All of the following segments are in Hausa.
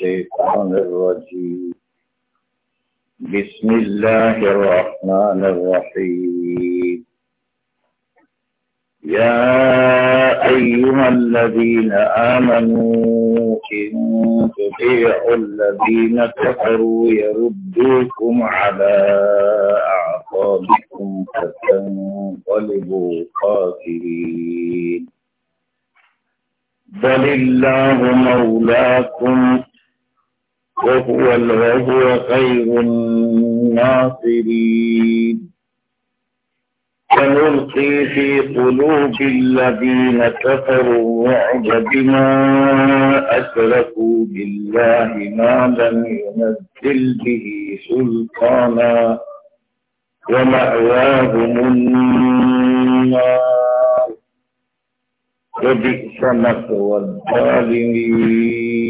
الشيطان الرجيم بسم الله الرحمن الرحيم يا أيها الذين آمنوا إن تطيعوا الذين كفروا يردوكم على أعقابكم فتنقلبوا خاسرين بل الله مولاكم وهو وهو خير الناصرين سنلقي في قلوب الذين كفروا الرعب بما أشركوا بالله ما لم ينزل به سلطانا ومأواهم النار وبئس مثوى الظالمين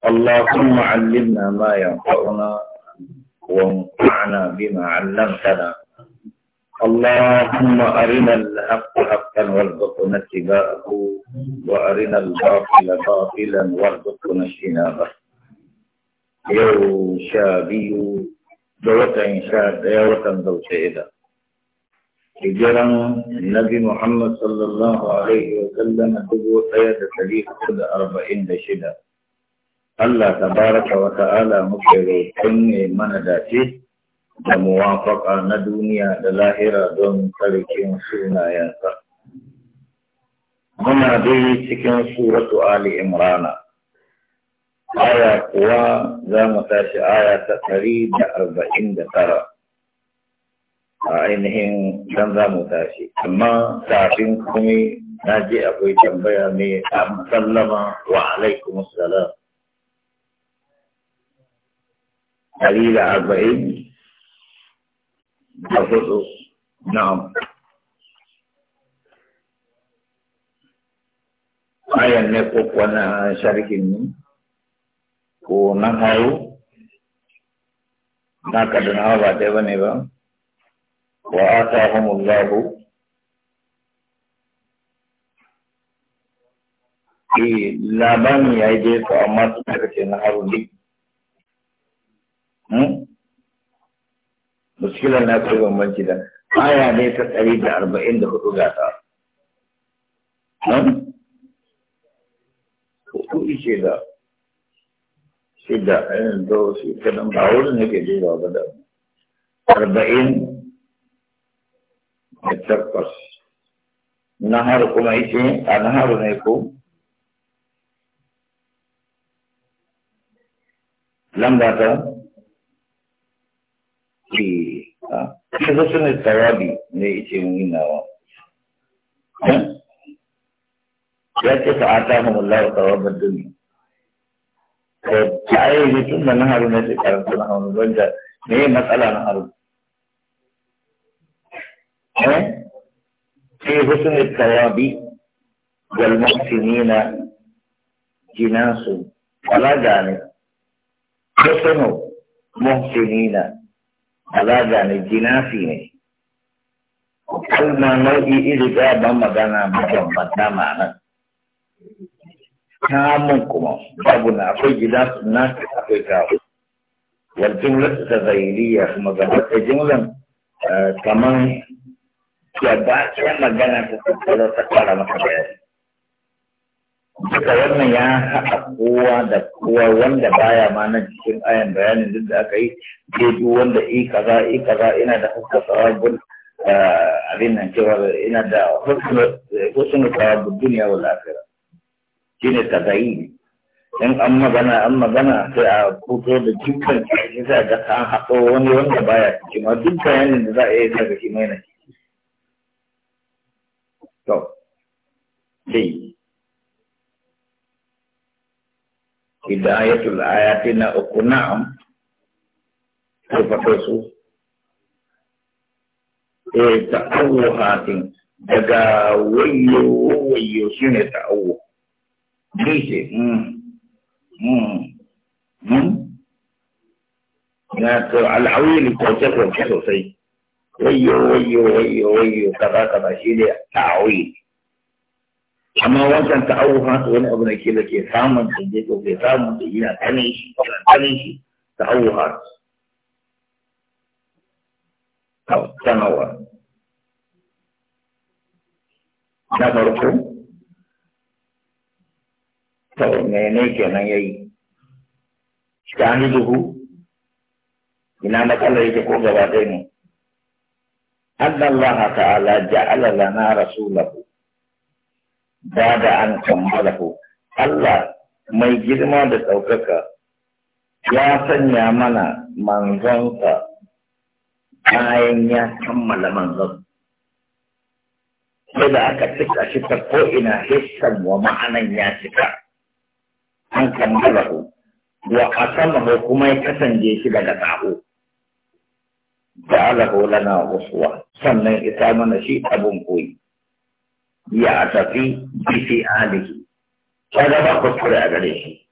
اللهم علمنا ما ينفعنا وانفعنا بما علمتنا اللهم أرنا الحق حقا وارزقنا اتباعه وأرنا الباطل باطلا وارزقنا اجتنابه يو شابي دوت إن شاء دوت دوت hijiran Nabi النبي محمد صلى الله عليه وسلم da ɗari hudu da arba'in دشدا Allah tabaraka wa ta'ala muke roƙon ne mana dace da muwafaka na duniya da lahira don tsarkin sunayensa. Muna dai cikin suratu Ali Imrana. aya kuwa za mu tashi aya ta ɗari da arba'in da tara a ainihin don za mu tashi amma kafin kuma na je akwai tambaya mai a musallama wa alaikum salam ɗari da arba'in da hudu na ayan ne ko kwana sharhin ne ko nan haru na kaduna ba ɗaya ba ne ba wa atahumullahu eh labarin ya yi dai to amma su karfe na haru ne Hmm? muskilar na kai bambanci da aya ne ta ɗari da arba'in da hudu ga ta hudu hmm? ishe da shi da ainihin da wasu ita nan ba wurin nake duba ba da arba'in da takwas Na haru kuma ishe a naharu ne ko lamba ta be uh, physician is therapy ne yake nuna wa ya ce ta ata mu wa badin ko kai tun nan har ne ta karanta na hawan banja ne matsala na har eh ke husun is tarabi wal muhsinina wala gane ko sanu balaga ne jinafi ne kalma nau'i iri ɗaya ban magana mabambanta ma'anar mun kuma babu na akwai gida na akwai kawo wal jumlar ta zairiya kuma gaba ta jumlar kamar yadda ake magana ta tattara ta kara masa bayani Duka wannan ya haɗa kowa da kowa wanda baya ma na cikin ayan bayanin duk da aka yi jeju wanda i kaza i kaza ina da fuskar sawabin abin nan cewa ina da fuskar sawabin duniya wa lafiya. Shi ne tazayi. In an magana an magana sai a kuto da dukkan cikin sai ga an haɗo wani wanda baya ciki ma duk bayanin da za a yi daga shi mai na ciki. To, sai hidayatul ayatina uku na'am tufata su e ta'awuhatin daga wayo wayo shi ne ta'awu dice mm, mm, mm. na to al'awili kwace kwace sosai wayo wayo wayo wayo kaza kaza shi ne ta'awili amma wancan ta auha wani abu da ke da ke samun ta je ko ke samun ta yana tsanin shi yana tsanin shi ta auha sanawa na farko to mene kenan yayi shahiduhu ina matsalar yake ko gaba ɗaya ne أن الله تعالى جعل لنا رسوله Ba da an أن Allah, mai girma da بتوكك ya sanya mana manzonsa, bayan ya kammala manzon sai da aka cika shi ta ko'ina hissan wa ma'anan ya cika an kammala ku wa ko kuma ya kasance shi daga tsaho ja'alahu lana uswa sannan ita mana shi abun koyi ya tafi bisi alihi ta ba kuskure a gare shi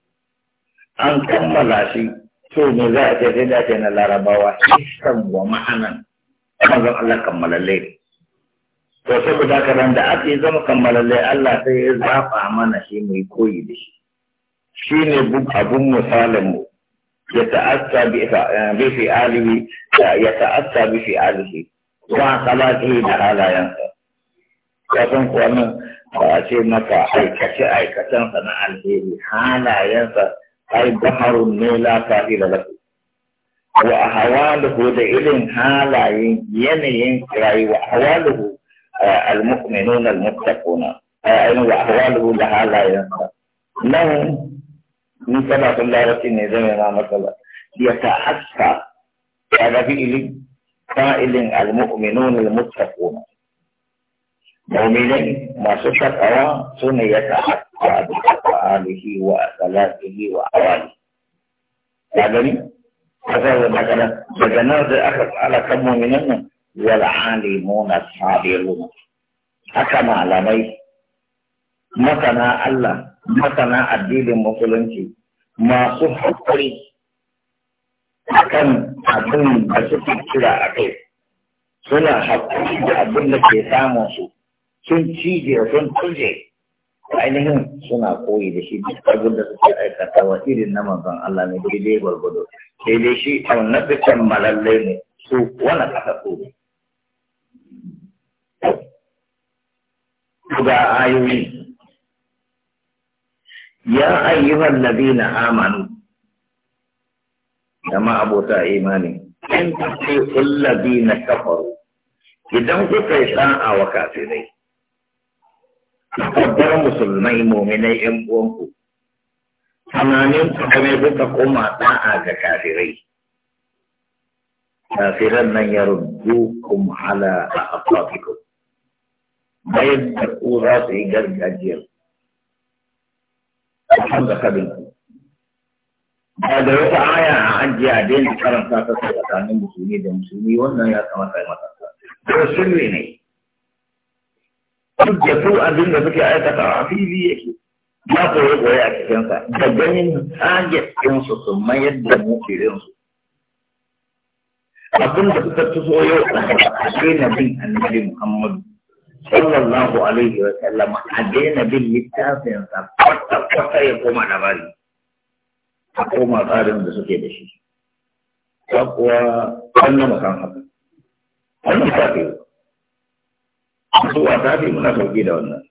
an kammala shi to me za a ce sai da ce na larabawa hissan wa ma'anan manzon Allah kammalalle to saboda haka nan da ake yi zama kammalalle Allah sai ya zafa mana shi mai koyi da shi Shi ne abun misalin mu ya ta'atta bi fi alihi ya ta'atta bi fi alihi wa salatihi da halayensa kafin kuwa nan ba a ce maka aikace aikacensa na alheri halayensa ai baharun ne la fa'ila lafi wa ahwaluhu da irin halayen yanayin rayuwa ahwaluhu المؤمنون المتقون أين وأحواله لها لا ينفع لهم من سبعة الله رسيني زي ما مثلا يتأسى على فعل قائل المؤمنون المتقون Mu'minin masu takawa su ne ya ta'akka da ta'alihi wa salatihi wa awali ya gani kasar da magana daga nan zai aka tsala kan mu'minan nan wal alimuna sabiruna haka malamai masana Allah masana addinin musulunci masu haƙuri akan abin da suke kira a kai suna haƙuri da abin da ke samun su sun cije sun tuje ainihin suna koyi da shi duk abin da suke aikata wa irin na manzon Allah ne daidai gwargwado daidai shi annabi kan malalle ne su wani kasa su ne ga ayoyi ya ayyuhal ladina amanu jama'a abota imani in tafi alladina kafaru idan kuka yi sa'a wa kafirai tabbar musulmai muminai yan uwanku tamanin kamar kuka koma da'a ga kafirai kafiran nan ya rubukum ala a afafikum bayan da ku za su yi gargajiyar kan da kabin ku ba da wata aya a ajiye a daina karanta ta tsakanin musulmi da musulmi wannan ya kamata ya matasa. Ko sirri ne, duk da su abin da suke aikata a fili yake ya koyi koyi a cikinsa da ganin target ɗinsu su mayar da mu su abin da suka tuso yau a daina bin annabi muhammadu sallallahu alaihi wa sallam a daina bin littafinsa kwata-kwata ya koma bari a koma tsarin da suke da shi ta kuwa wannan haka wannan ta abubuwa ta fi muna sauki da wannan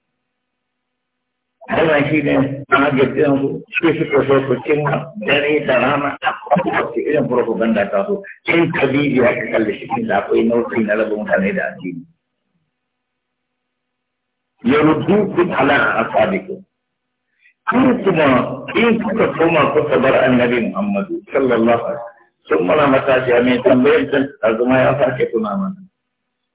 wannan shi ne ana gajiyan su shi suka so su cimma dare da rana a kowace irin propaganda ta so in kabibi ya kakal da shi da akwai nau'i na rabin mutane da addini ya rudu kun ala a koma kuka annabi muhammadu sallallahu alaihi wasallam sun mana matashi a mai tambayar ta zama ya sake tuna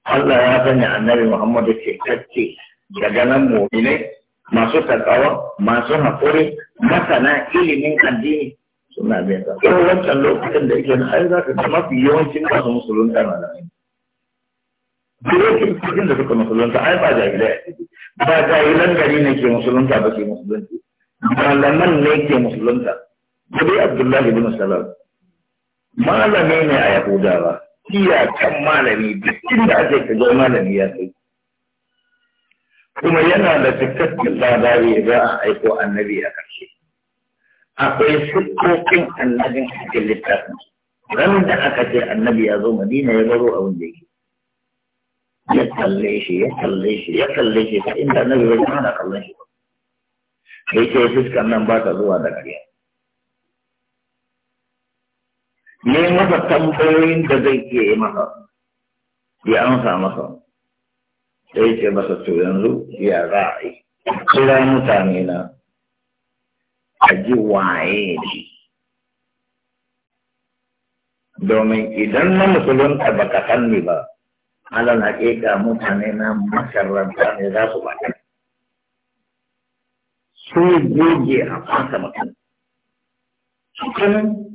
Allah ya sanya annabi Muhammad ke kacce daga nan mu'minai masu takawa masu haƙuri masana ilimin addini suna bin sa ko wancan lokacin da yake na ai za ka ga mafi yawancin masu musulunta na da ai Birokin cikin da suka musulunta ai ba jahilai a ba jahilan gari ne ke musulunta ba ke musulunci malaman ne ke musulunta. Gobe Abdullahi bin Salam malami ne a Yahudawa iyakan malami duk inda ake zo malami ya kai kuma yana da cikakken labari za a aiko annabi a ƙarshe akwai sukokin annabin a cikin littafin ranar da aka ce annabi ya zo madina ya baro abin da yake ya kalle shi ya kalle shi ya kalle shi ta inda annabi bai kana kallon shi ba yake fuskan nan ba ta zuwa da ƙarya ne masa tambayoyin da zai iya yi masa ya amsa masa sai ce masa to yanzu ya za a yi kira mutane na a ji waye ne domin idan na musulunta ba ka san ni ba alal haƙiƙa mutane na masharranta ne za su bata su goge a fasa mutum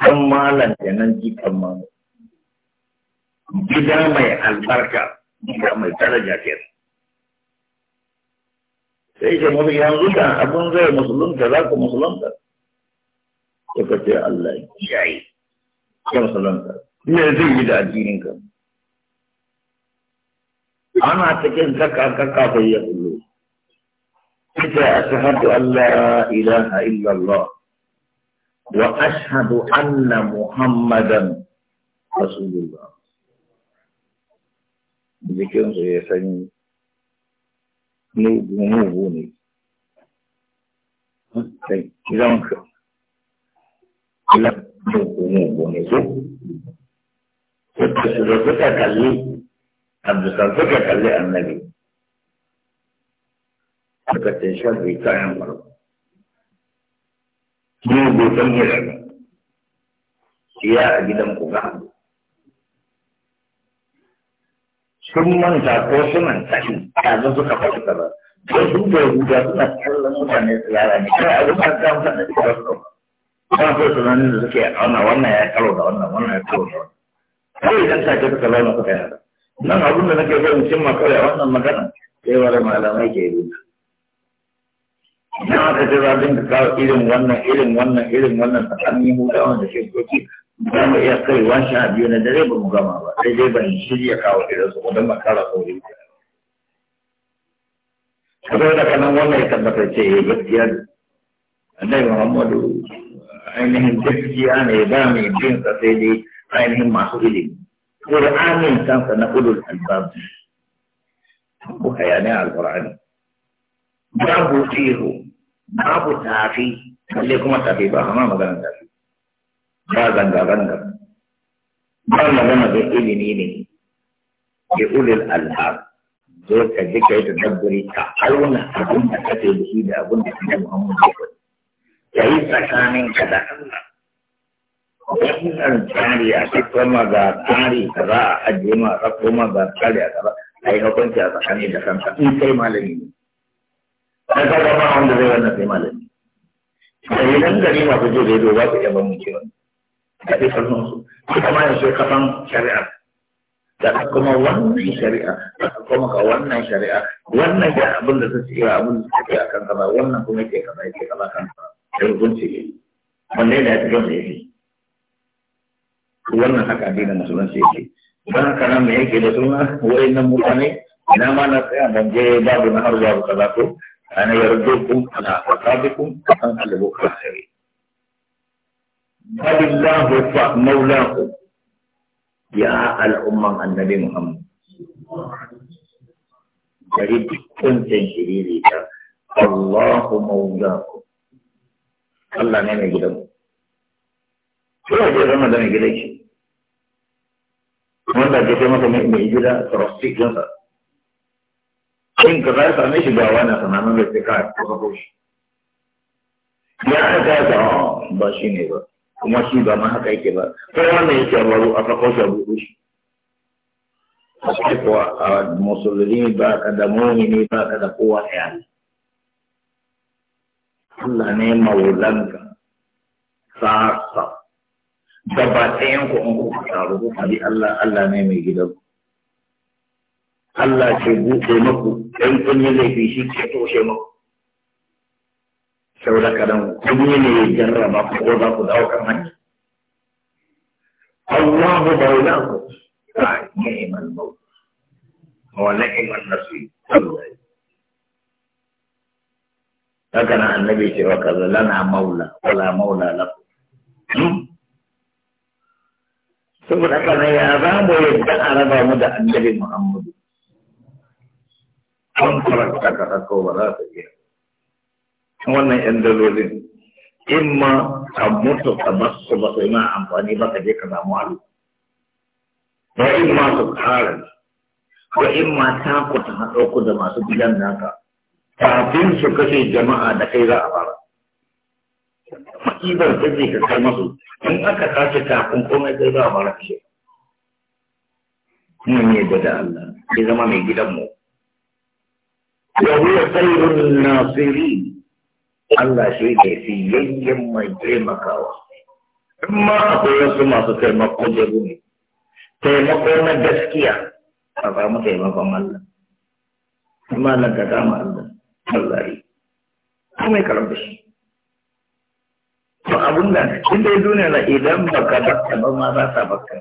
kan malam kenan jikan malam gida mai albarka gida mai daraja ke sai ce mafi yanzu da abin zai musulunta za ku musulunta suka ce Allah yayi ya musulunta me zai yi da addinin ka ana cikin zaka kaka bai ya kullu ita ashhadu an la ilaha illallah وأشهد أن محمدا رسول الله ذكر سيسن نوبو نوبوني إذا أنك إلا نوبو نوبوني فكسرتك كلي عبد الصدق النبي mugu san yi rabe iya a gidan ku ga sun manta ko sunan tashi a zan suka faɗi kaza ko sun da guda suna kallon mutane tsirara ne kai a zuwa ta mutane da kira su kuma ko sunanin da suke auna wannan ya karo da wannan wannan ya karo da wannan kawai idan ta ce ka suka ka kai nan abin da nake zan cimma kawai a wannan magana sai wani malamai ke yi idan aka ce za dinga kawo irin wannan irin wannan irin wannan tsakanin hutawa da shekoki za mu iya kai wan sha biyu na dare ba mu gama ba sai dai ban shirya kawo irin su kuma makara sauri kasar da kanan wannan ya tabbatar ce ya gaskiya annabi muhammadu ainihin gaskiya ne ba mai bin sa sai dai ainihin masu ilimi qur'anin kansa na ulul albab ko hayanin alqur'ani babu tihu babu tafi kalle kuma tafi ba kuma magana tafi ba ganga-ganga. ba magana da ilimi ne ke ulil alhar zo ka ji kai yi ta dabbari ka auna abin da kake da shi da abin da kake muhammadu ya faɗi ka yi tsakanin ka da Allah wannan tsari a cikin maga tsari ka za a ajiye ma a tsakko maga tsari a gaba a yi hukunci a tsakanin da kanka in kai malami ne an ka gama wanda zai wannan sai malami dalilan gari masu jin rediyo ba su iya ban muke wani a fi karfin su kuma ma yanzu kafan shari'a da ka kuma wannan shari'a da ka kuma ka wannan shari'a wannan ya abin da ta yi ya abin da ta ce a kan kaza wannan kuma ke kaza ke kaza kan kaza da hukunci ne wanne ne ya fi gama ya fi wannan haka addinin musulunci yake don haka nan me yake da suna wa'annan mutane ina ma na tsaya ban je babu na har babu kaza ko أنا يردكم على أعقابكم وأنقلبوا خاسرين بل الله مولاكم يا الأمة النبي محمد jadi dukkan sendiri dia Allahu maulaku Allah ne mai gidanmu sai ya zama da mai gidan shi wanda ke masa mai gida tsarasti kansa in ka za same shi ba wani sanannen da sai ka kusa shi ya aka ya ta ah, ba shi ne ba kuma shi ba ma haka yake ba sai wanda yake baro a sako shi a buɗe shi sai kuwa a ah, musulmi ba ka da mumini ba ka da kowa ɗaya Allah ne maulanka sasa gaba ɗayan ku an kuka taru ku bi Allah Allah ne mai gidanku Allah ke buɗe maku ɗan kun yi laifi shi ke toshe maku saboda kadan kun ne ya jarraba ku ko za ku dawo kan hanyar Allahu ba wula ku yi. ka ni'mal maut wa ni'mal nasir Allah haka na annabi ce kaza lana maula wala maula lakum hmm? saboda haka ne ya za mu yadda a raba mu da annabi Muhammadu kwamfarar da ka sako ba za ta iya wannan yan dalolin in ma ka mutu ka ba su ba su yi amfani ba ka je ka samu alu wa in ma su kara wa in ma ta ku ta haɗo ku da masu gidan naka kafin su kashe jama'a da kai za a fara ma'ibar ta ce ka kai masu in aka kashe kafin komai kai za a fara kashe. Mun yi da Allah, ya zama mai gidan mu. Yahweh ya kai runi na firi, Allah shi ne fi yankin mai taimakawa. In ma akwai wasu masu taimakon da runi, taimakon na gaskiya, a ba mu taimakon Allah. Amma nan ka kama Allah, Allah shi. Ba abin da, inda yi duniya idan ba ka ba ka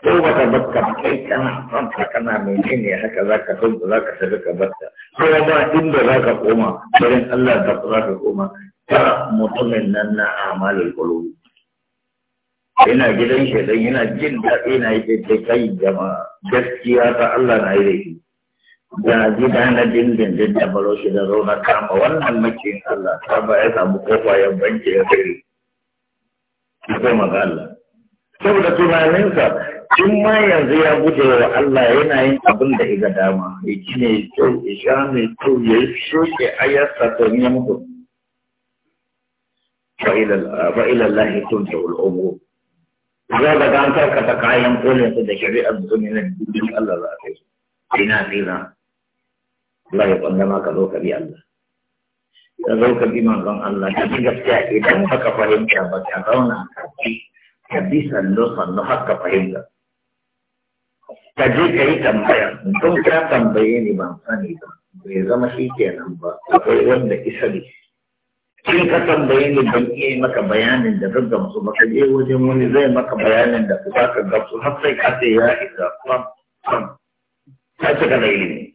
ko wata bakka kai kana fanta kana menene haka za ka tuntu za ka ka bakka ko ba inda za ka koma bayan Allah da za ka koma ta mutumin nan na amalul qulub Ina gidan shi dan yana jin daɗi na yake da kai jama'a gaskiya ta Allah na yi da shi da gida na dindin din da baro shi da zauna kama wannan Allah ta ba ya samu kofa ya banke ya kai ko magana saboda tunaninsa in ma yanzu ya guje wa Allah yana yin abin da iga dama ya ci ne kyau ya sha mai kyau ya yi shoke ayarsa to ya mutu fa ya tun da ul'umu zai da an ta kayan kolin su da shari'ar zuninin dubin Allah za ta yi ina zina Allah ya kwandama ka zo ka bi Allah ka zo ka bi manzon Allah ka ji gaskiya idan haka fahimta ba ta zauna ka bi ka bi sannu haka fahimta ka je ka yi tambaya mutum ka tambaye ni ban sani ba bai zama shi kenan ba akwai wanda isali in ka tambaye ni ban iya yi maka bayanin da zan gamsu ba ka je wajen wani zai maka bayanin da za ka gamsu har sai ka ce ya isa kwam kwam ka cika da ilimi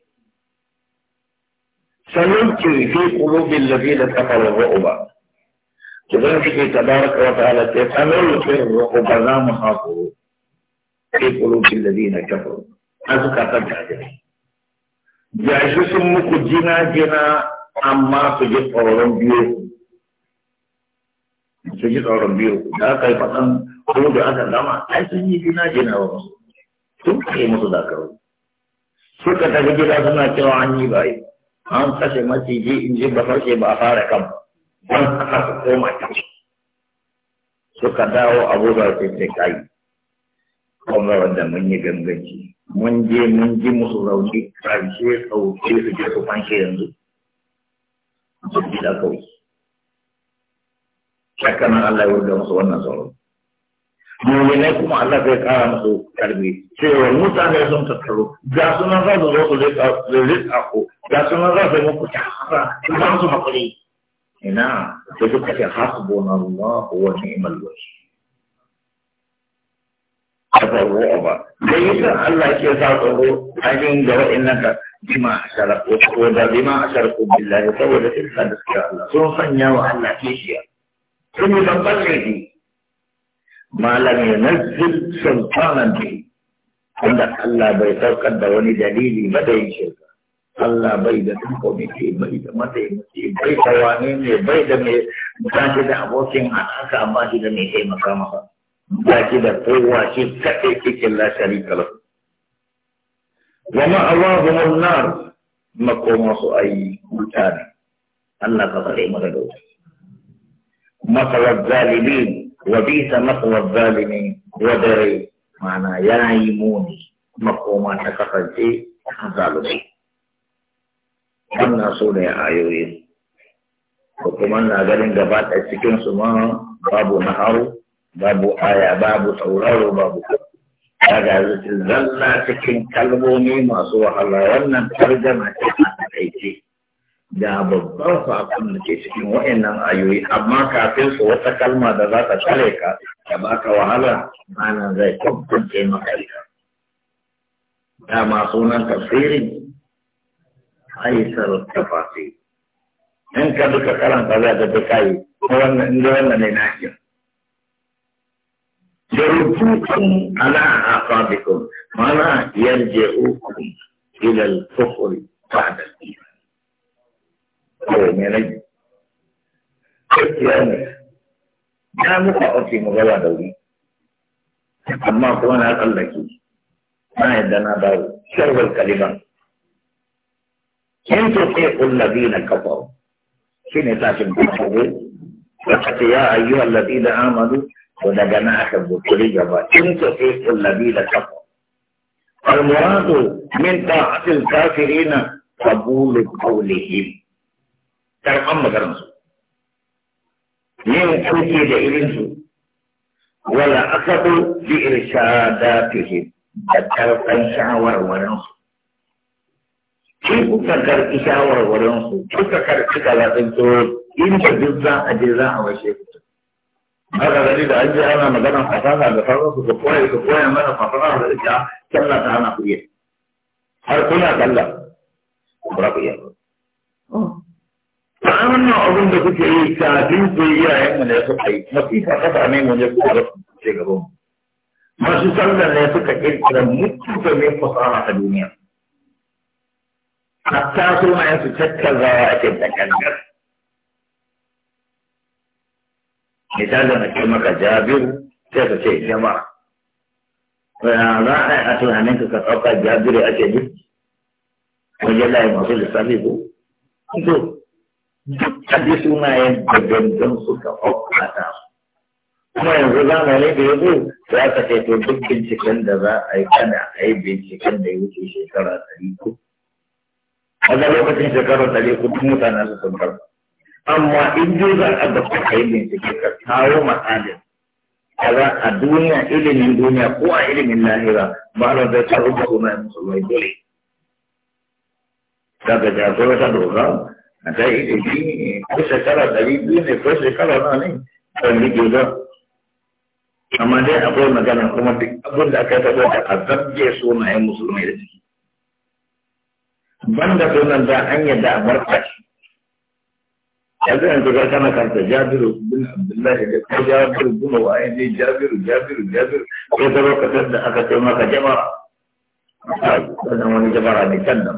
سنلقي في قلوب الذين كفروا الرعب كذلك تبارك وتعالى سنلقي الرعب لا محاصر fi qulubi alladhina kafaru azka ta jaje ya shi sun muku jina jina amma su ji tsoron biyu su ji tsoron biyu da aka yi fasan kuma da aka dama ai sun yi jina jina ba su sun ka yi musu zakaru suka tafi gida suna cewa an yi bayi an kashe maciji in ji ba farce ba a fara kan wani kasa su koma kan suka dawo abubuwa sai sai kayi kuma wanda mun yi ganganci mun je mun ji musu rauni ƙarshe ke su je su fanshe yanzu jirgi da kawai shakka Allah ya wurga musu wannan sauran mulinai kuma Allah zai kara musu karbi cewa mutane sun tattaro ga sunan za su zo su zai ko ga sunan za su muku ta hasa in ba su haƙuri ina da suka ce hasbunallahu wa ni'mal wakil tsaro ba da yadda Allah ke sa tsaro a yin ga wa'annan da bima sharaku ko da bima Billa billahi saboda san da suke Allah sun sanya wa Allah ke shiya. sun yi babban laifi malam ya nazzil sultanan bi wanda Allah bai saukar da wani dalili ba da yin shirka Allah bai da tuko ke bai da mataimaki bai da wane ne bai da mai zaki da abokin haɗaka amma shi da mai taimaka maka. ba da kowa shi kaɗai cikin la sharika lahu wa ma'awahum an-nar makoma su ayi wuta ne Allah ka tsare mu da wuta masawar zalimin wa bisa masawar zalimin wa dare mana yayi muni makoma ta kasance a zalumai wannan so ne ayoyin ko kuma na ganin gaba ɗaya cikin su ma babu na naharu babu aya babu sauraro babu daga zalla cikin kalmomi masu wahala wannan tarjama ce a takaice da babban sakon da ke cikin wa'annan ayoyi amma kafin su wata kalma da za ta tsare ka da baka wahala malam zai kwamfance maka ita dama sunan tafsirin aisar tafasi in ka duka karanta za ta duka yi wannan inda wannan ne na يردوكم على أعقابكم فلا يرجعوكم إلى الكفر بعد الإيمان أو من يعني ما مقاطي مغلا دولي أما كوانا أقل لكي ما يدنا دولي شرب الكلمة إن تطيعوا الذين كفروا شنو تاشم كفروا يا أيها الذين آمنوا وده جماعه الدكتوريه بقى ان تطيعوا النبي لكفر المراد من طاعه الكافرين قبول قولهم ترقم اما كرمزو من كتي لإلنزو ولا أكبر بإرشاداتهم ذكر إشاور ورنصو كيف تكر إشاور ورنصو كيف تكر إشاور ورنصو إن تبزا أجزاء وشيكتو haka gani da an je ana maganar fasaha da sauransu su koya su koya mana fasaha da ita sallah ta hana ku yi har kuna sallah ku ba ku yi ba an wannan abin da kuke yi kafin ku yi yayin mu ne suka yi masifa kasa ne mu ne kuka rasu ce gaban mu masu sallah ne suka kirkira mutuka ne fasaha ta duniya hatta sunayen su cakkazawa a cikin da kangar misalin da ce maka jabiru sai ka ce jama'a za a yi a tunanin ka ɗauka jabiru a ce duk wajen layi masu lissafi ko to duk bi sunayen da gangan suka ɗauka kuma yanzu zamanin da ya zo sai aka ce to duk binciken da za a yi kana a yi binciken da ya wuce shekara ɗari ko a lokacin shekara ɗari ko duk mutane su sun karɓa amma in dai za a da kuka yi bincike ka kawo matsalin kaza a duniya ilimin duniya ko a ilimin lahira ba na zai ta rubuta sunayen musulmai dole daga jagorar ta doga a ta yi ilimi ko shekara ɗari biyu ne ko shekara na ne kan rike da amma dai akwai magana kuma duk abin da aka taɓa da a zabge sunayen musulmai da ciki banda sunan da an yadda a barka shi yanzu yanzu ga kana kanta jabiru bin abdullahi da ko jabiru bin waye ne jabiru jabiru jabiru ko da lokacin da aka ce maka jama'a wannan wani jama'a ne can nan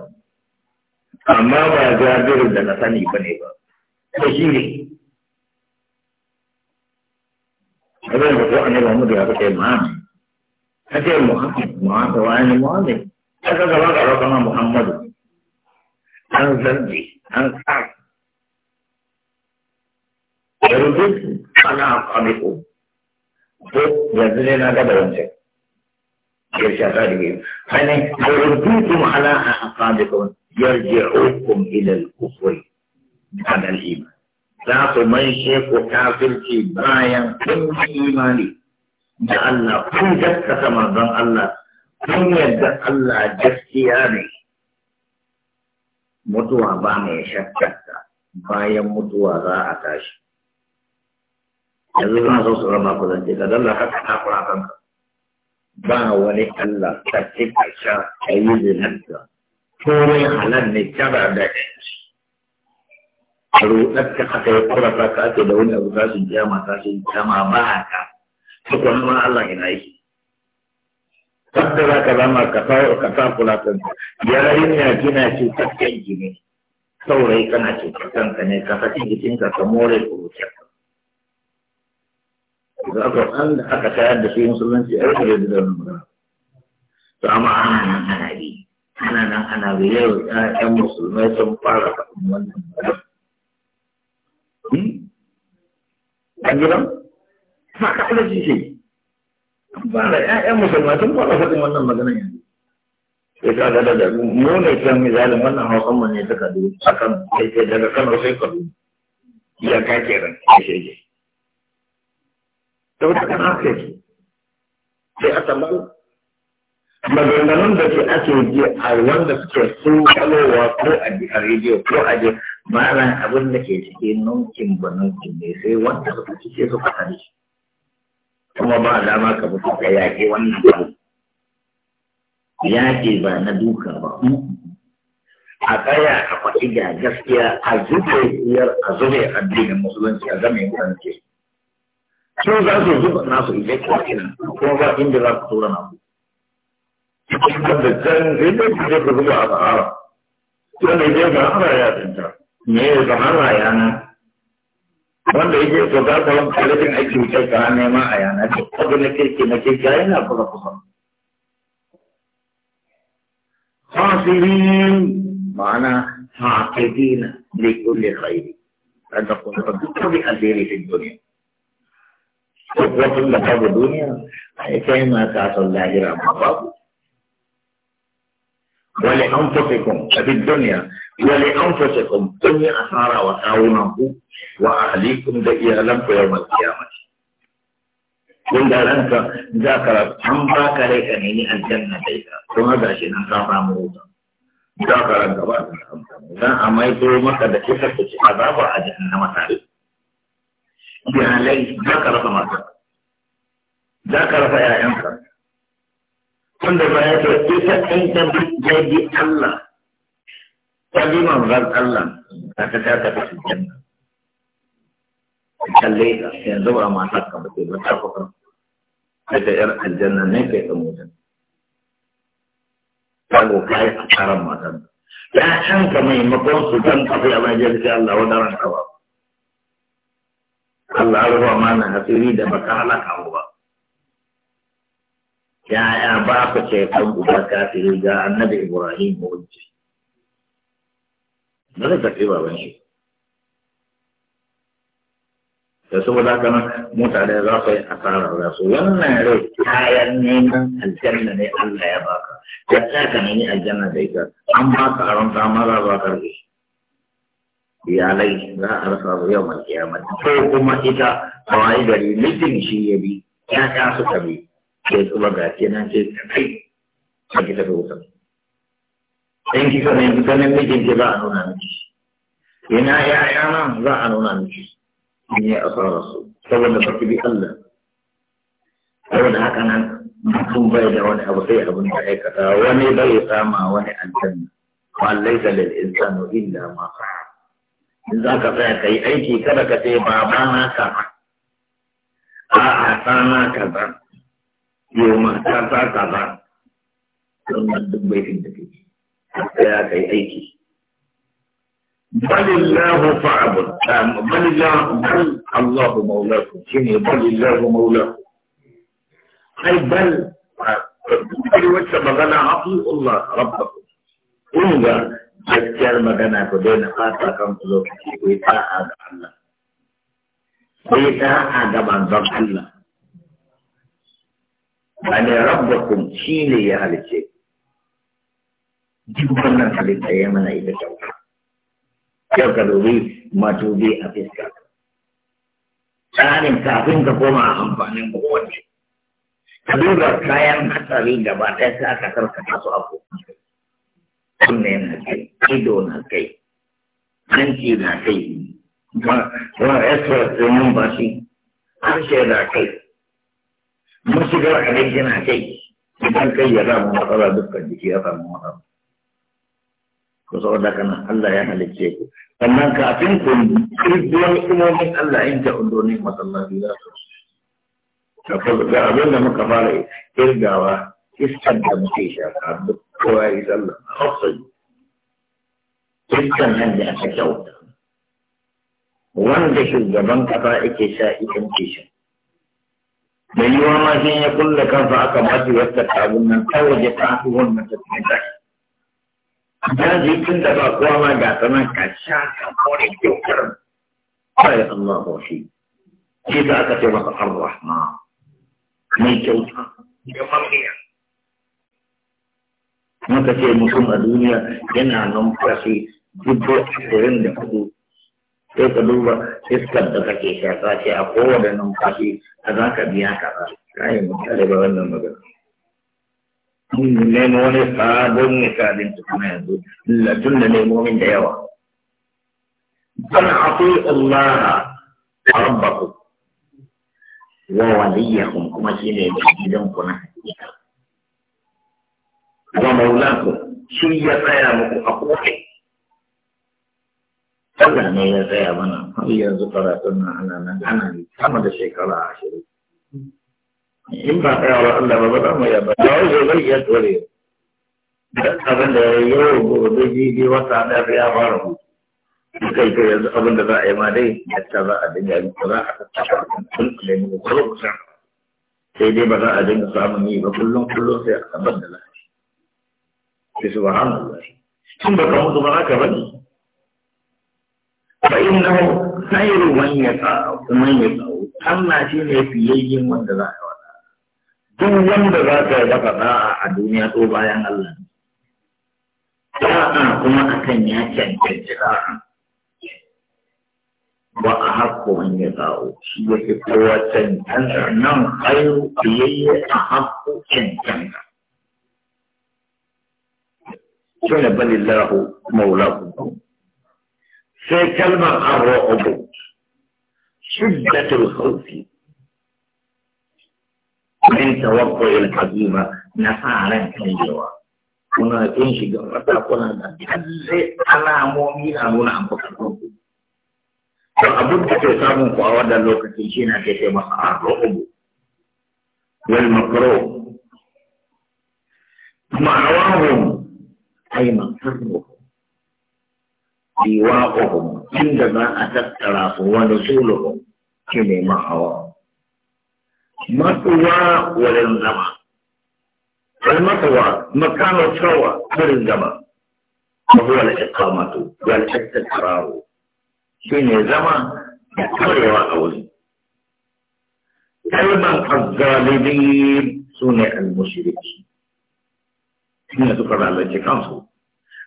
amma ba jabiru da na sani ba ne ba ko shi ne abin da ko annabi Muhammad ya kace ma'ami kace Muhammad Muhammad wani Muhammad kaga gaba gaba kana Muhammadu an zargi an tsara yanzu duk ana amfani ko duk yanzu ne na gaba wance yarsha ta dige hane yanzu ala a amfani ko yarje hukum ilal kufri kana iman za su mai shi ko kafirci bayan kun imani da Allah kun sama manzon Allah kun yarda Allah gaskiya ne mutuwa ba mai shakka bayan mutuwa za a tashi yanzu suna son su mako ku zance ka dalla haka ta kura kanka ba wani Allah ta ce ka sha ka yi zinanta turai halar ne tara da yanci rudar ta aka yi kura ta ka ake da wani abu sun jama sun jama ba ka tukun wani Allah na yi kadda za ka zama ka ta kula kanka yarayin ya gina ce kakkan gine saurayi kana ce kanka ne ka fashin jikinka ka more kuruciyarka da aka an da aka tayar da shi musulunci a yau da magana to amma ana nan ana bi ana nan ana bi yau ƴaƴan musulmai sun fara faɗin wannan magana A hmm? gidan haka ana ji shi an fara ƴaƴan musulmai sun fara faɗin wannan magana yanzu sai ka ga daga mu ne kan misalin wannan hausan mu ne ta kadu akan sai daga kano sai kadu kake kenan sai shege da wata na aka yi sai a tambaru maganganun da ke ake ji a wanda suke sun kalowa ko a a rediyo ko a je ma'ana abin da ke cike nunkin ba nunkin ne sai wanda su cike su fata ne kuma ba dama ka mutu ka yaƙi wannan ba yaƙi ba na duka ba a tsaya a faɗi ga gaskiya a zube a zube addinin musulunci a game mutunci su za su zuba nasu ile kuma ba inda za tura nasu da can ku je zuba a sahara wanda ya je ga Allah ya tsinta me ya ga Allah ya nan wanda yake to za ka wani kalibin aiki wuce ka nema a yana ce abu na kirki na kirki yana kusa kusa hasirin ma'ana hasidina li kulli khairi kada ku tabbata bi asiri fi dunya tabbatar da babu duniya ai kai ma ka san lahira ma babu wale an fasa kun a duk duniya wale an fasa kun kun yi asara wa kawunan ku wa ahalikum da iyalan ku yau malkiyamati kun da ranka za ka an ba ka rai ka nemi aljanna dai ka kuma ga shi nan ka samu wuta za ka ranka ba ka samu dan a maito maka da kisa ku ci azaba a jahannama tare بهالي ذكر فماذا ذكر فيا انت عند بيت الله انت بجد الله قديما غير الله فتجاتا في الجنة كالي ينظر ما تلقى بكي بتلقى حتى يرى الجنة نيكي تموت فهو كاي أكارا ما تلقى لا أنت من مطلس جنة في أبا جلس الله ودرن حوار Allah ruwa mana hasiri da baka halaka ba ya'ya ba ku ce kan uba kafiri ga annabi Ibrahim wajji Na zai tafi baban shi da saboda haka nan mutane za su yi asara za su wannan rai kayan neman aljanna ne Allah ya baka ya tsaka ne aljanna da ita an baka aron ta maza ka karbe iyalai za a rasa su yau mai kiyama ko kuma ita kawai gari mijin shi ya bi ƴaƴa suka bi sai tsuba ga kenan sai kai a gida da wuta in kika ne kika sanin mijin ki za a nuna miki ina ƴaƴa nan za a nuna miki in a asara su saboda ba ki bi Allah saboda haka nan mutum bai da wani abu sai abin da aikata wani bai sama wani aljanna fa laysa lil insani illa ma sa'a in za ka tsaya ka yi aiki kada ka ce ba ba na kaza a a sana kaza yau ma ta ta kaza don nan duk baitin da kai ka tsaya ka yi aiki balillahu fa'abu balillahu bal allahu maulahu shi ne balillahu maulahu ai bal ba kuma wacce magana haƙi Allah rabba kun ga gaskiyar magana ku daina fata kan ku lokaci ku yi ta'a ga Allah ku yi ta'a ga manzon Allah bane rabbakum shi ne ya halice duk wannan halitta ya mana ita kyauta yau ka dubi matubi a fiska tsarin kafin ka koma a amfanin kowace ka duba kayan hatsari gaba ɗaya sai aka karkata su a kowace kunne na kai ido na kai hanci na kai ba harshe kai mashigar kai idan kai ya samu matsala dukkan jiki ya samu matsala ku kana Allah ya halicce ku sannan kafin ku kirgiyon imomin Allah in ta za su abin da muka fara kirgawa iskar da muke shaka duk kowa ya sallah a oxygen iskar nan da aka kyauta wanda shugaban kasa yake sha ita muke sha mai yiwa ma shi ya kulle kansa aka mace wata tabun nan ta waje ta fi wannan ta fi da daji tun da ba kowa ma ga sanan ka sha ka kore kyautar ai Allah ba shi shi da aka ce masa ar-rahman mai kyauta da mamiya muka ce mutum a duniya yana numfashi dubu ashirin da hudu sai ka duba iskar da kake shaƙa ce a kowane numfashi a za ka biya kaza kayan misali ba wannan magana nemo wani sabon misalin kuma yanzu tun da nemomin da yawa bana akwai Allah a rabbaku wa waliyakum kuma shine mai gidan ku na hakika wa maulanku sun ya tsaya muku a koke Allah ne ya tsaya mana har yanzu karatun na ana nan ana sama da shekara ashirin in ba tsaya wa Allah ba ba za mu yi ba Ya wuce zai iya tsore dan abin da ya yi yau gobe jibi wata ɗaya ya fara hutu kai kai yanzu abin da za a yi ma dai yadda za a dinga yi za a tattara tun da mu kusa sai dai ba za a dinga samun yi ba kullum kullum sai a tabbar da lafiya sai su bahana Allah tun ba ka mutu ba za ka bari fa inna hu khairu man yasa'u man yasa'u Allah shi ne fiyayyen wanda za ka wada duk wanda za ka dafa da'a a duniya to bayan Allah da'a kuma akan ya cancanci da'a wa a haƙƙo man ya zawo shi yake kowa cancanta nan khairu fiye a haƙƙo cancanta shine balillahu maulakum sai kalmar ar-ru'ub shiddatul khawfi min tawaqqu'il azima na faran kaiwa kuna kin shiga wata kuna da kalle alamomi na nuna an fuka to abin da ke samun ku a wannan lokacin shi na ke ce masa ar-ru'ub wal makruh ma'awahum ainihin karnuhu diwa'uhum inda za a tattara su wani suluhu shi ne ma'awa matuwa wurin zama wani matuwa makano cewa wurin zama ta zuwa da ƙasa matu ya shi ne zama da karewa a wuri kalmar azzalibi su ne al-mushriki shine suka lalace kansu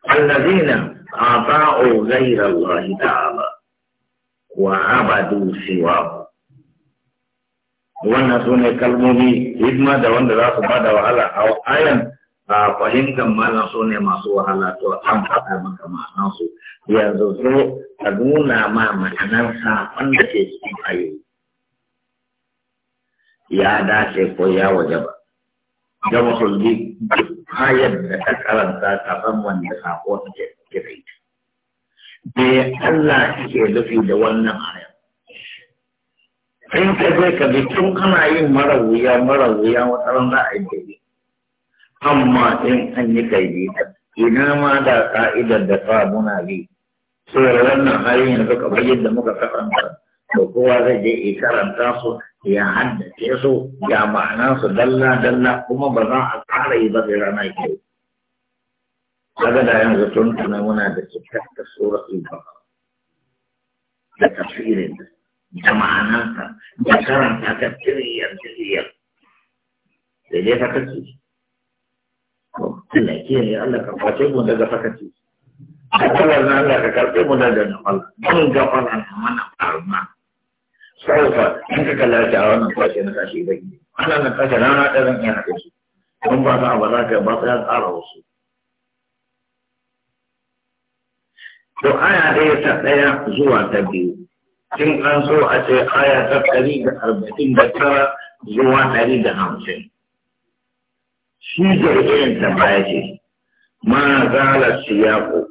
allazina ata'u ghayra Allah ta'ala wa abadu siwa wannan su ne kalmomi hidima da wanda za su bada wahala a ayan a fahimtar malam su ne masu wahala to an faɗa maka ma'anansu yanzu so a nuna ma ma'anar saƙon da ke cikin ayoyi ya dace ko ya waje ba da musulmi kayan da ta karanta kafin wanda sako take kira ita. Me Allah ke nufi da wannan aya? In ka je ka bi tun kana yin mara wuya mara wuya wata ran za a yi daidai. Amma in an yi ta. ina ma da ka'idar da ta muna bi. Sai wannan ayoyin yanzu ka bayyana da muka karanta to kowa zai je ya karanta su ya haddace su ya ma'ana su dalla dalla kuma ba za a tsara yi ba sai rana ke kaga da yanzu tun tuna muna da cikakken suratul baqara da tafsirin da ta da karanta ta tiriyar tiriyar sai dai fakaci Allah ke ne Allah ka kwace mu daga fakaci a kawai na Allah ka karɓe mu daga Allah Mun gafara na mana farma sauka in ka kalla ta wannan kwashe na tashi bai ana na tashi rana ta zan iya haɗe su don ba za ba za ka ba ya tsara wasu to aya ɗaya ta ɗaya zuwa ta biyu in an so a ce aya ta ɗari da arba'in da tara zuwa ɗari da hamsin shi jirgin ta baya ce ma zala siyaku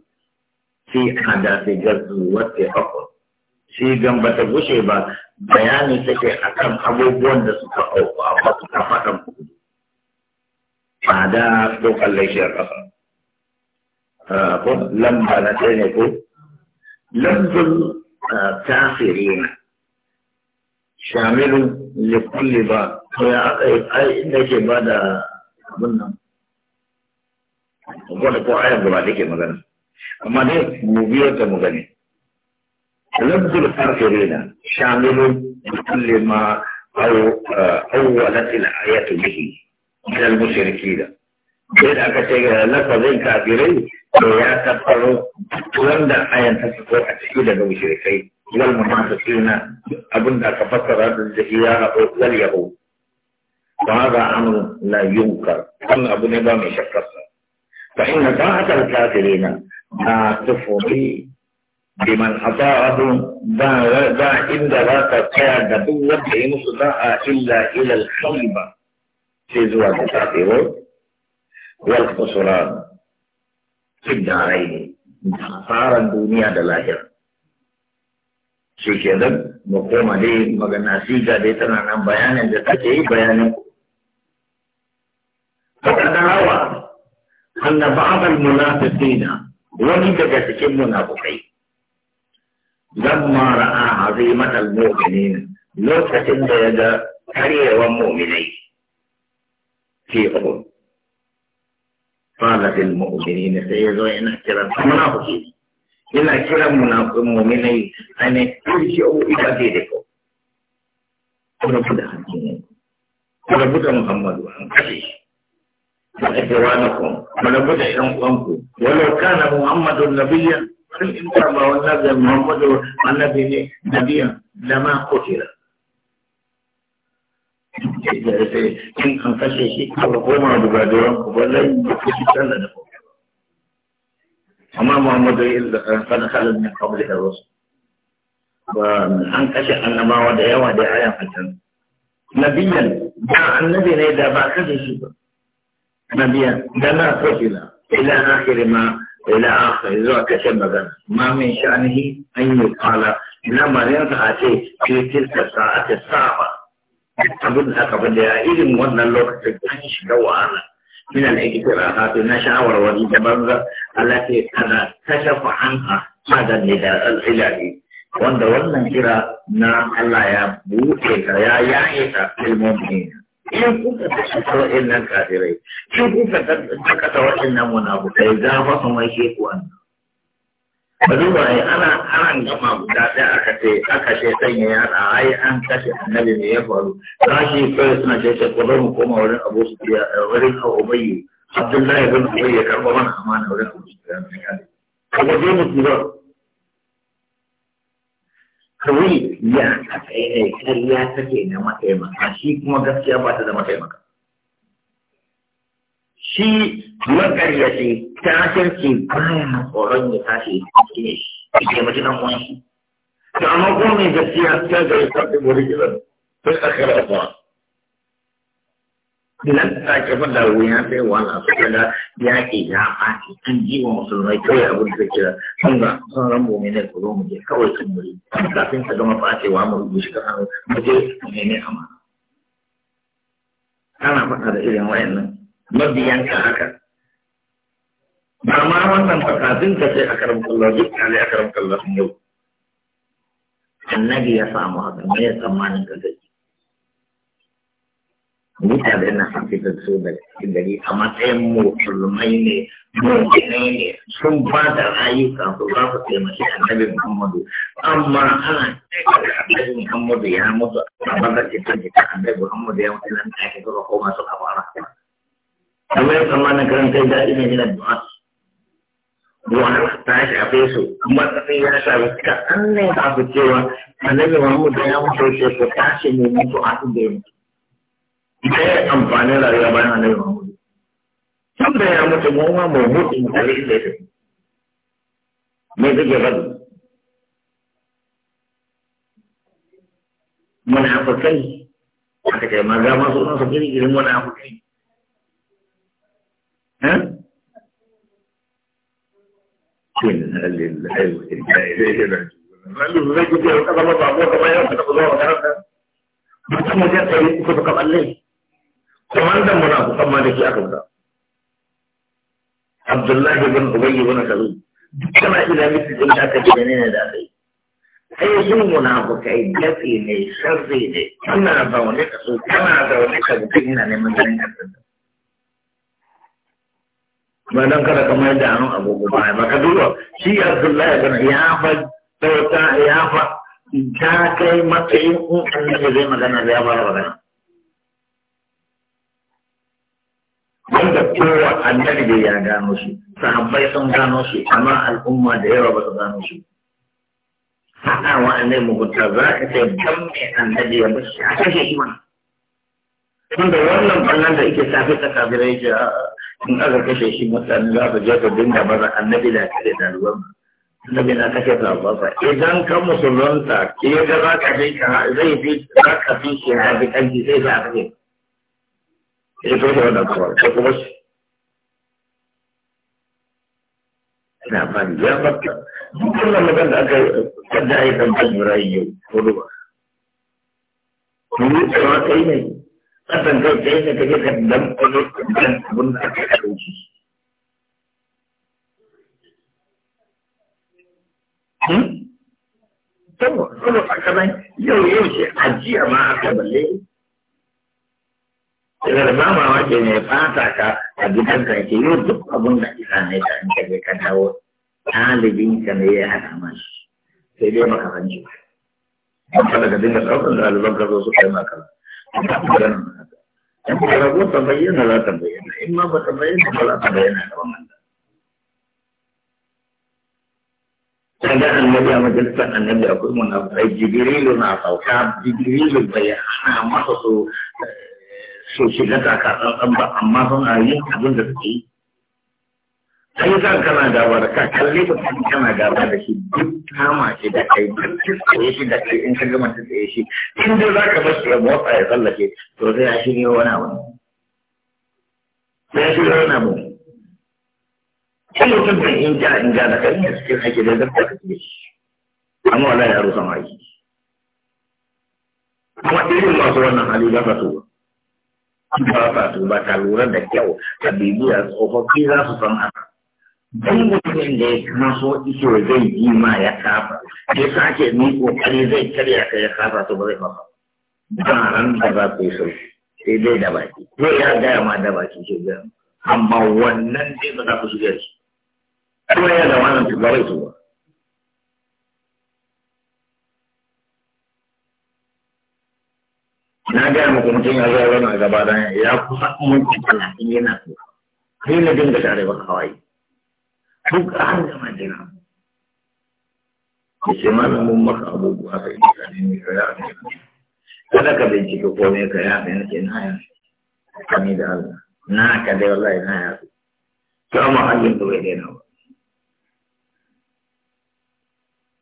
fi hada fi gazuwa ya akwai shi gan ba ta gushe ba bayani take akan abubuwan da suka auku a wasu kafaɗan ba da ko kallon shi a ƙasa eh, ko lamba na ɗaya ne ko lambun eh, kafirina shamilu likulli ba Ko ya ai inda ke ba da abin nan ko da ko da ba da ke magana amma dai mu biyar ta mu gani لفظ الفرق هنا شامل لكل ما أو آه، أولت الآية به من المشركين إذا أكتر لفظ الكافرين يا تقر لم دع آية تسقط أتحيل المشركين والمنافقين أبن دا تفكر هذا الزهياء واليهود وهذا أمر لا ينكر أن أبو نبا من شكرها فإن طاعة الكافرين ما تفضي بمن أطاعه دا دا لا تطاع دبوة بإن إلا إلى الخيبة في سيزوا تطاعه والقصران في الدارين صار الدنيا دلاهر شيخ يدب مقوم عليه مغنى سيجا ديتنا نعم بيانا جتاك إيه بيانا فقد روى أن بعض المنافقين ولي بجتك المنافقين لما رأى عظيمة المؤمنين لوسة الليلة كريه ومؤمني في أهل قالت المؤمنين سيدوا إن أكرا منافقين إن أكرا منافق مؤمني أن يرجعوا إلى ديركم ربنا حكيمين ربنا محمد وعن كشيش وإخوانكم ربنا إخوانكم ولو كان محمد النبي sun inda ba wannan da Muhammadu annabi ne nabiya da ma kotira. In an kashe shi kawai koma daga doron ku ba lai da kusa canza da kuma. Amma Muhammadu ya kada halin ne kawai da wasu. an kashe annabawa da yawa da ayan fitan. Nabiyan da annabi ne da ba kashe shi ba. Nabiyan da na kotira ila akhiri ma ila akhir zuwa kashe magana ma min sha'anihi an yi kwala ina mariyarsa a ce fi tilka sa'ata saba abin da aka bada ya irin wannan lokacin an shiga wahala min al ikhtirahat na shawarwari da banza allati kana kashafa anha hada nida al ilahi wanda wannan kira na Allah ya buɗe ta ya yaye ta ilmumin in kuka wa'in nan kafirai in kuka dakata wa'annan munafukai za fa su mai shi ku annan ba duba ai ana ana gama guda ɗaya aka ce aka ce sanya yara ai an kashe annabi ne ya faru shi kawai suna ce ce ko mu koma wurin Abu a wurin Ubayy Abdullahi bin abu ya karɓa mana amana wurin Abu Sufyan ne kare. ko zai mu tura kawai ya tsaye eh, karya eh, take na mataimaka shi kuma gaskiya ba ta da mataimaka shi makaryaci ta shirki baya tsoron ya tashi ne shi ya taimaki ɗan uwan shi da amma kuma mai gaskiya ta gari ta ɗin wani gidan sai a kara Bilan ta ke faɗa wuya sai wala su kada yaƙi ya ɓaci an ji wa musulmai kawai abin da ke sun ga sun ran mominai ku zo mu je kawai sun muri kafin ta gama wa mu rubu shi kasa mu je mu nemi amma. Ana faɗa da irin wayannan mabiyan ka haka. Ba ma wannan fa kafin ka sai a karam kallon duk ɗale a karam kallon yau. Annabi ya samu haka me ya tsammanin ka zai. mutane na hafitar su da gari a matsayin musulmai ne ne sun ba da rayuka su za su taimaki annabi muhammadu amma ana da annabi muhammadu ya mutu a bazar cikin jikin annabi muhammadu ya mutu nan take suka koma suka fara kamar yadda mana karanta da ina yana du'a wahala ta shafe su matsayin ya shafe ka an ne ka cewa annabi muhammadu ya mutu sai su tashi ne mutu a su da ya mutu ita ya amfanin rayuwa bayan annabi Muhammadu. Can da ya mutu mu ma mu mutu mu tare da shi. Me kake faɗi? Munafikai aka kai maza ma sunan su giri girin munafikai. Ha? Eh? Inna lillahi wa inna ilaihi raji'un. Lalu zai kuce ka zama babu kamar yadda ka zo a karanta. Mutum ya tsaye ku suka balle. komandan munafukan ma da shi aka guda abdullahi bin ubayy bin kalul dukkan islamisti din da aka gane ne da kai sai sun munafukai dafi ne sharri ne kana zaune ka so kana zaune ka gudu ina neman ganin kasar ba don kada ka mai da hannun agogo ba ba ka duba shi abdullahi bin ya fa dauka ya fa ta kai matsayin in annabi zai magana da ya fara magana wanda kowa annabi da ya gano shi sahabbai sun gano shi amma al'umma da yawa ba su gano shi faɗa wa annabi mugunta za ka ce dan mai annabi ya bar shi a kashe shi mana tunda wannan ballan da ike tafi ta kabira ce in aka kashe shi mutane za su je su dinga bara annabi da kare ɗaliban annabi na kashe ta basa. idan ka musulunta ke ga za ka fi zai fi ka shi ya fi ƙarfi sai za ka kashe ya tosa wannan kawai ko kuma shi ina ban ya bata duk wannan magana da aka kada ai kan kan rayi yau ko duba ni kuma kai ne kasan kai kai ne kake ka dan kwalo dan abun da aka dauki Tawa, kuma a kanan hmm? yau yau ce ajiya ma aka balle Daga ba ma wace ne fata ka a gidan ka ke yi duk abin da ita ne ta in ka je ka dawo ɗalibin ka ne ya haɗa ma sai dai maka san shi. Amma daga dinga ɗaukar da albarka zo su kai maka. Ina kuɗin haka. In ka rago ta bayyana za ta bayyana in ma ba ta bayyana ba za ta bayyana da wannan. Kaga annabi a majalisar annabi akwai munafukai Jibrilu na sauka Jibrilu bai hana masa so su shiga takatsantsan ba amma suna yin abin da suke yi kai kan kana gaba da ka kalle ka kan kana gaba da shi duk kama shi da kai duk tsaye shi da kai in ka gama ta tsaye shi in dai za ka bashi ya motsa ya tsallake to sai ya shirya wani abu sai ya shirya wani abu sai mutum kan in ja in ja da kai ne cikin aiki da zarta ka tsaye shi amma wala ya rusa ma aiki kuma irin masu wannan hali za ka so ba ba su ba ta lura da kyau ta bibiya tsofaffi za su san haka dan mutumin da ya taso iso zai yi ma ya kafa ya sake ni kokari zai karya ka ya kafa to ba zai fafa ba ran da ba ku yi sauki sai dai da baki zai ya gaya ma da baki ke gaya amma wannan dai ba za ku shiga shi kuma ya zama nan ba zai ba na gaya muku mutum ya zai wani gaba da ya kusa minti talatin yana so sai na da tare ba kawai duk a har gama jina ya ce mun maka abubuwa sai ne ka nemi ka ya ne kada ka bincike komai ka ya ne ke na ya kami da Allah na ka dai wallahi na ya to amma hajjin da bai daina ba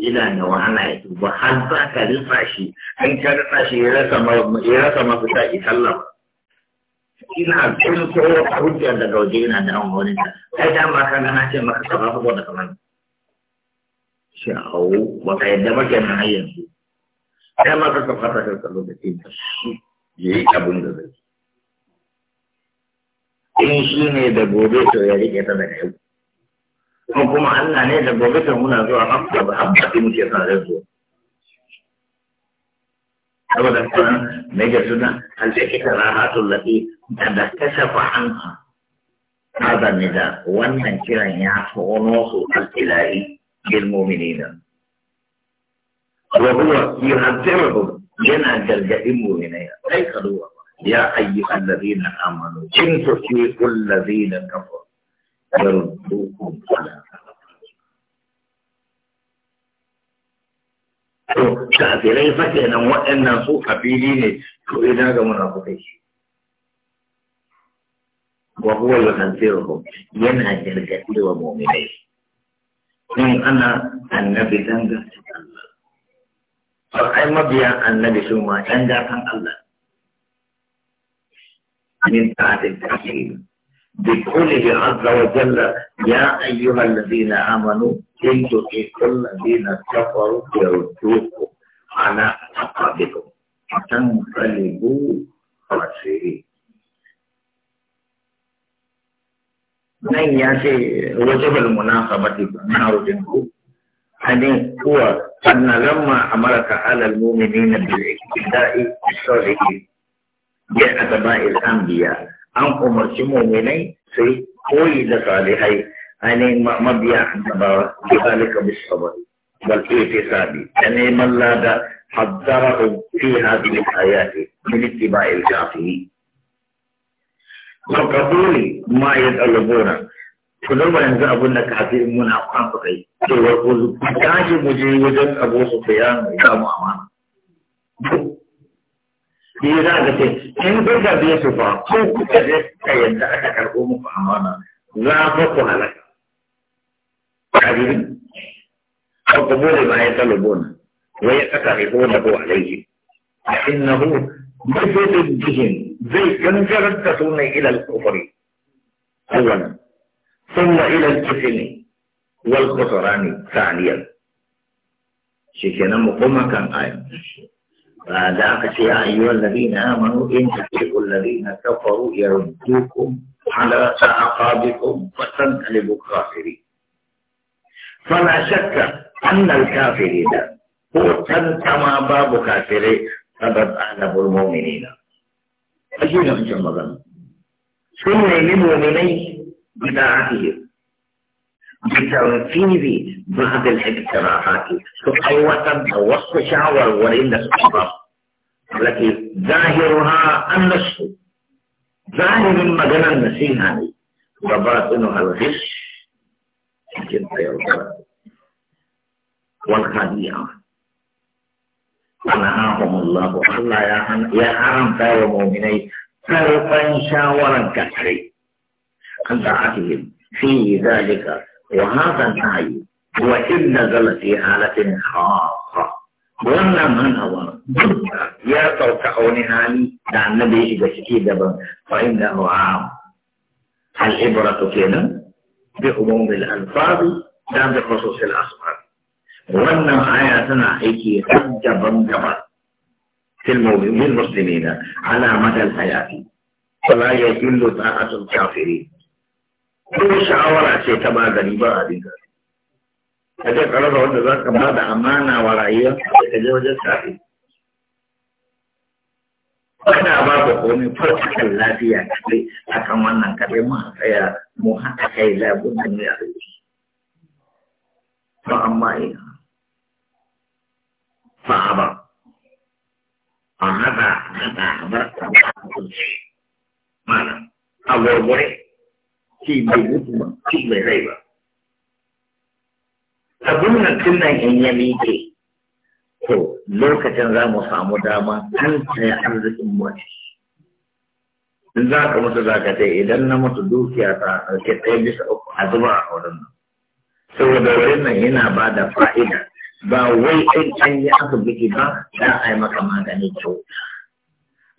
yana da wahala ya duba har za ka rasa shi in ka rasa shi ya rasa mafita ita Allah ina kun so a hujjar daga waje yana da wani wani ta kai da ma ka gana ce maka ka ba ku da kamar shi awo ba ka yadda ba ke nan yanzu kai ma ka kafa ta kai tsaro da ke ta shi ya yi abin da zai in shi ne da gobe to ya rike ta daga yau ko kuma Allah ne da gobe kan muna zuwa hafta ba hafta ɗin muke sa ran zuwa saboda kuma mai da suna alfaki ta rahatul lati da da kashafa anha hada nida wannan kiran ya tsono su al-ilahi bil mu'minina wa huwa yuhaddiruhum yana gargadin mu'minai ai kaduwa ya ayyuhal ladina amanu in tusiqul ladina kafaru yaruddukum ala to kafirai fa kenan waɗannan su a fili ne to ina ga munafukai wa huwa yuhadhiruhum yana gargaɗi wa mu'minai in ana annabi dan gaskiya Allah to ai mabiya annabi su ma dan gatan Allah min ta'atil kafir بقوله عز وجل يا ايها الذين امنوا ان تطيعوا الذين كفروا يردوكم على اعقابكم فتنقلبوا خاسرين من يأتي وجب المناقبة بمعرضه أن هو أن لما على المؤمنين an umarci mu'minai su koyi da salihai ainihin mabiya annabawa bi zalika bis balke ta sabi da neman lada da fi kaya حذرهم في هذه الآيات من اتباع ma yi ما ku zama yanzu abin da kafin muna kwanfa kai cewar kullum tashi mu je wajen abu su fiya mu ya mu amana shi za ka ce in ka gabe su ba ko kuka je ka yadda aka karɓo muku amana za fa ku halaka karirin ko ku bole ma ya talibon wai ya saka ne ko da ko alaihi a innahu mafidin jihin zai gangarar da sunan ilal kufri awwalan ثم إلى الإثم والخسران ثانيا mu koma kan آية Ba da aka ce ya ayyuwa lari na amanu in ta ce ulari na kafaru ya rubuku ala ta afabi ko batan kalibu kafiri. Fana shakka annal kafiri da ko tantama babu kafiri a babbana burmomini na. Ashi ne mace magana. Sun nemi mominai bida ake بتنفيذ بعض الاقتراحات تقوى وصف شعور ورين الصبر التي ظاهرها النصح ظاهر مجال هذه وباطنها الغش والخديعة ونهاهم الله الله يا حرام يا مؤمني فرقا شاورا كثري عن عاتهم في ذلك وهذا النعي هو إن نزل في حالة خاصة وانا من هو يا توقعون هاني دع النبي إذا شكيد فإنه عام العبرة كنا بهموم الألفاظ لا بخصوص الأسماء وانا آياتنا إيكي حجبا جبا في المسلمين على مدى الحياة فلا يجل طاعة الكافرين ko shawara ce ta magani ba a dinga ka je ka wanda za ka ba da amana wa rayuwa ka je wajen safi ana ba ka komai farkakan lafiya kai a kan wannan kaɗai mu tsaya mu haɗa kai labun da rufi ba amma ina ba a ba a haɗa haɗa haɗa a ba a shi bai mutu ba cik bai rai ba abin da tun yan in ne. Ko to lokacin za mu samu dama an tsaye arzikin mutu in za ka mutu za ka ce idan na mutu dukiya ta ɗauke ɗaya bisa uku a zuba a wurin nan saboda wurin nan yana ba da fa'ida ba wai ɗin an yi asibiti ba za a yi maka magani kyau.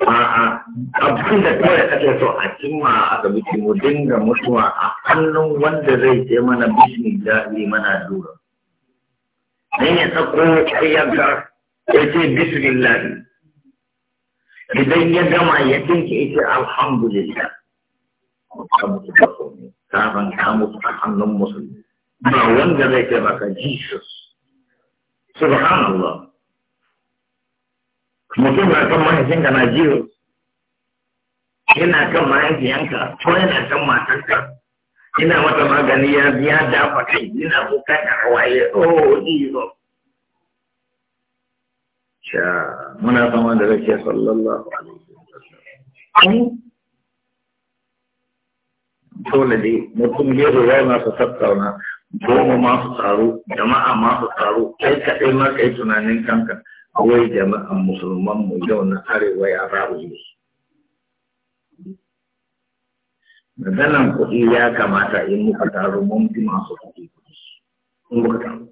a'a abin da kawai ake so a cimma a asibiti mu dinga mutuwa a hannun wanda zai ce mana bisni da'i mana lura dan ya tsako ayyanka ya ce bismillah idan ya gama ya dinke ita alhamdulillah kafin ka mutu a hannun musulmi ba wanda zai ce maka jesus subhanallah mutum na kan mahaifinka na jiyo yana kan mahaifiyanka ko yana kan matanka ina mata magani ya biya dafa kai ina bukatar waye oh jiyo sha muna zama da rake sallallahu alaihi wasallam dole dai mutum ya zo zauna su tattauna goma masu tsaro jama'a masu tsaro kai kaɗai ma kai tunanin kanka wai jama'an musulman mu yau na arewa ya faru ne maganan kuɗi ya kamata in muka taro mun fi masu kuɗi in muka taru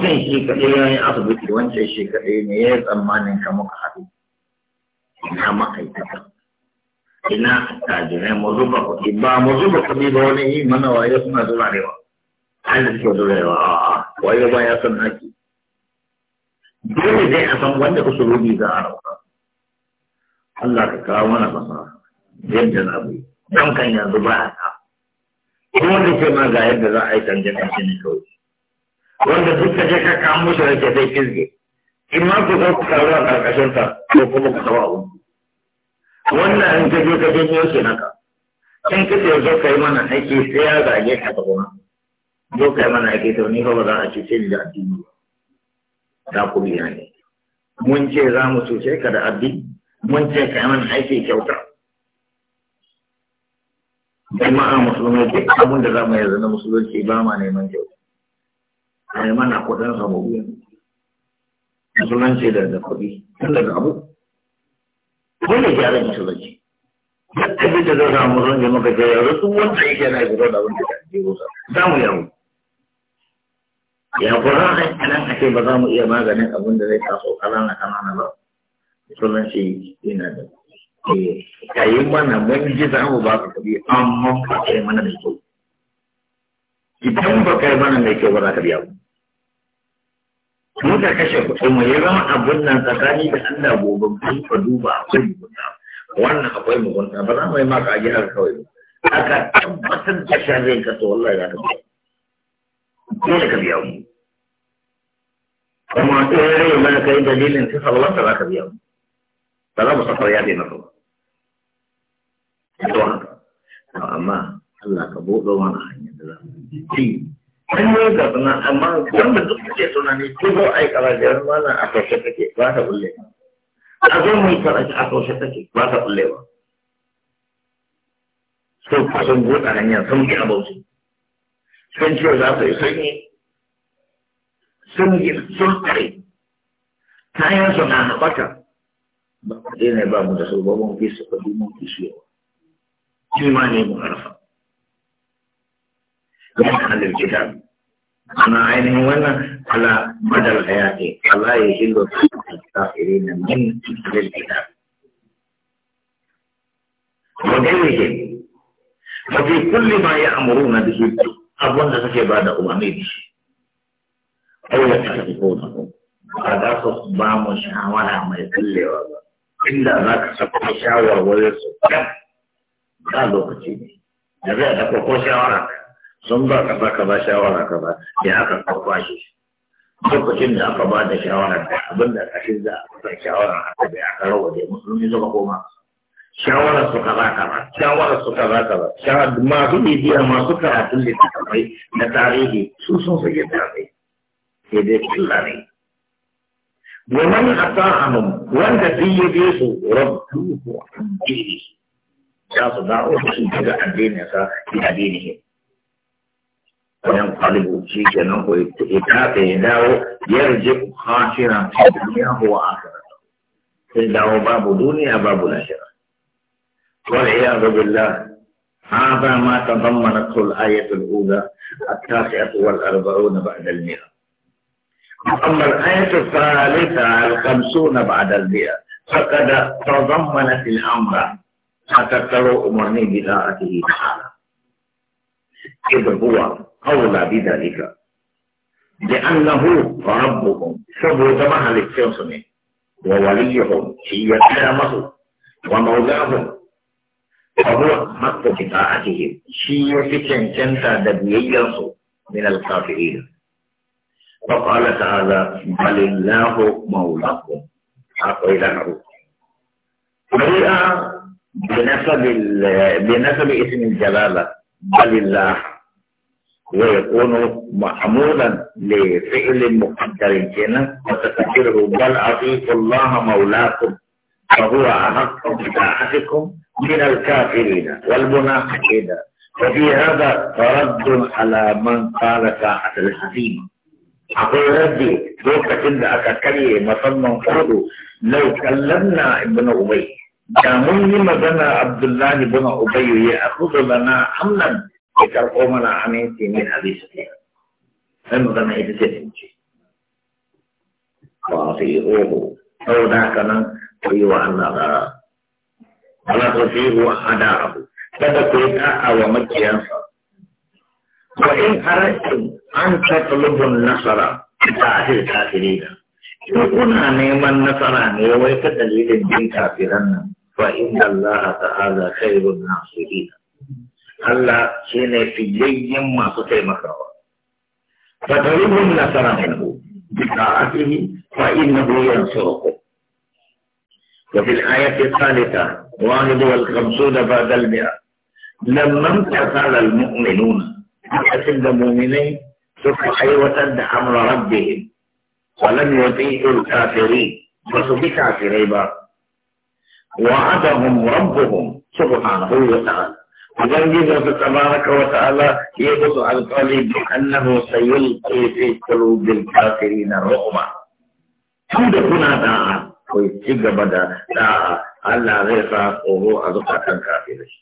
wancan shi kaɗai ya yi asibiti wancan shi kaɗai ne ya yi tsammanin ka muka haɗu ina ma'aikata ina tajirai mu zuba kuɗi ba mu zuba kuɗi ba wani yi mana waye suna zubarewa an da suke zubarewa a'a wayo ba ya san dole dai a san wanda surubi za a rauka Allah ka kawo mana fasaha yadda na bai yi don kan yanzu ba a ta Kuma wanda ke ma ga yadda za a yi canje shi ne kawai wanda duk ka je ka musu da ke zai kizge in ma ku zo ku taru a ƙarƙashin ta ko kuma ku a abu wannan in ka je ka je ne yake naka in ka ce zo ka yi mana aiki sai ya zage ka ta kuma zo ka yi mana aiki to ni ba za a sai ni da addini ba za ku biya ne mun ce za mu cuce ka da abdi mun ce ka yi mana aiki kyauta jama'a musulmi ke abin da za mu yanzu na musulunci ba ma neman kyauta a yi mana kudin samu biyu musulunci da da kuɗi tun daga abu dole gyara musulunci Yadda bi da zai samu musulunci muka ce yanzu duk wanda yake na gudu da abin da ke rusa za mu abu. ya kura anan ake ba za mu iya maganin abin da zai taso kanana kanana ba sunan shi yana da eh, kayi mana mun ji za mu ba ka kuɗi amma ba kai mana mai kyau idan ba kai mana mai kyau ba za ka biya mu muka kashe kuɗin mu ya zama abin nan tsakani da Allah gobe kai ka duba akwai mugunta wannan akwai mugunta ba za mu yi maka a gina kawai ba aka tabbatar da sharrin zai kaso wallahi za ka biya dole ka biya mu kuma in rai mana kai dalilin ta sallarsa za ka biya mu ba za mu safar ya bai maka ba to haka amma Allah ka buɗe mana hanyar da za mu ci yi ga na amma da duk suke suna ne ko zo a yi karajiyar mana a kaushe take ba ta bulle a zo mu yi karaji a kaushe take ba ta bulle ba so kusan buɗe hanyar sun ki abauci sun ce za su yi sun yi sun yi sun tsare kayan su na haɓaka ba ku ne ba mu da su ba mun fi su kuɗi mun fi su yawa kima ne mu harfa kuma halin kitab ana ainihin wannan ala badal hayati Allah ya hillo kafirin min halin kitab وغيرهم وفي كل ما يأمرون به الدنيا abun da suke ba da umarni da shi aure ta fi ko na ba za su ba mu shawara mai tsallewa ba inda za ka saka wajen su ba lokaci ne da zai da ko shawara sun ba ka ba ka ba shawara ka ba ya aka kwakwa shi lokacin da aka ba da shawara da abin da shi za a shawara aka bai aka rawa da musulmi zama koma shawarar su kaza kaza shawarar su kaza kaza shawarar masu bibiyar masu karatun littattafai na tarihi su sun fi yadda ne sai dai killa ne domin a sa'anin wanda duk ya je su rabu ko addini ya su dawo su sun daga addini sa ya addini ne wannan kwalibu shi ke nan ko ya kafe ya dawo ya rage kwashiran ya a aka sai dawo babu duniya babu lashira والعياذ بالله هذا ما تضمنته الآية الأولى التاسعة والأربعون بعد المئة أما الآية الثالثة الخمسون بعد المئة فقد تضمنت الأمر فتذكروا أمرني بذاته تعالى إذ هو أولى بذلك لأنه ربهم سبو مهل الشمس ووليهم هي كلامه ومولاهم فهو حق بطاعتهم شيء في تنتنتا دبييرسو من الكافرين وقال تعالى بل الله مولاكم حق إلى العروض قرئ بنسب بنسب اسم الجلالة بل الله ويكون محمولا لفعل مقدر كنا وتفكره بل أطيعوا الله مولاكم فهو أحق بطاعتكم من الكافرين والمنافقين وفي هذا رد على من قال ساعة الحزيمة أقول ردي لوكة إن أتكلي مصنع قولوا لو كلمنا ابن أبي كامون لما بنا عبد الله بن أبي يأخذ لنا حملا يترقومنا عميتي من أبي سفيان هم بنا يتسفنجي وأطيعوه أو ذاك من ويوانها ولا تطيعوا أعداءه kada ku yi da'a wa makiyansa wa in arakin an tatlubun nasara ta ahir kafirina in kuna neman nasara ne wai ta dalilin bin kafiran nan fa inna Allah ta'ala khairun nasirina Allah shine fiyayyen masu taimakawa fatarihun nasara minhu bi ta'atihi fa innahu yansurukum وفي الآية الثالثة واحد والخمسون بعد المئة لما امتثل المؤمنون أسد المؤمنين سوف أيوة أمر ربهم ولم يطيعوا الكافرين فسوف كافرين وعدهم ربهم سبحانه وتعالى وبنجد تبارك وتعالى يبص على القلب بأنه سيلقي في قلوب الكافرين الرغمة هذا هنا داعا ko ci gaba da da'a Allah zai sa tsoro a zukatan kafirai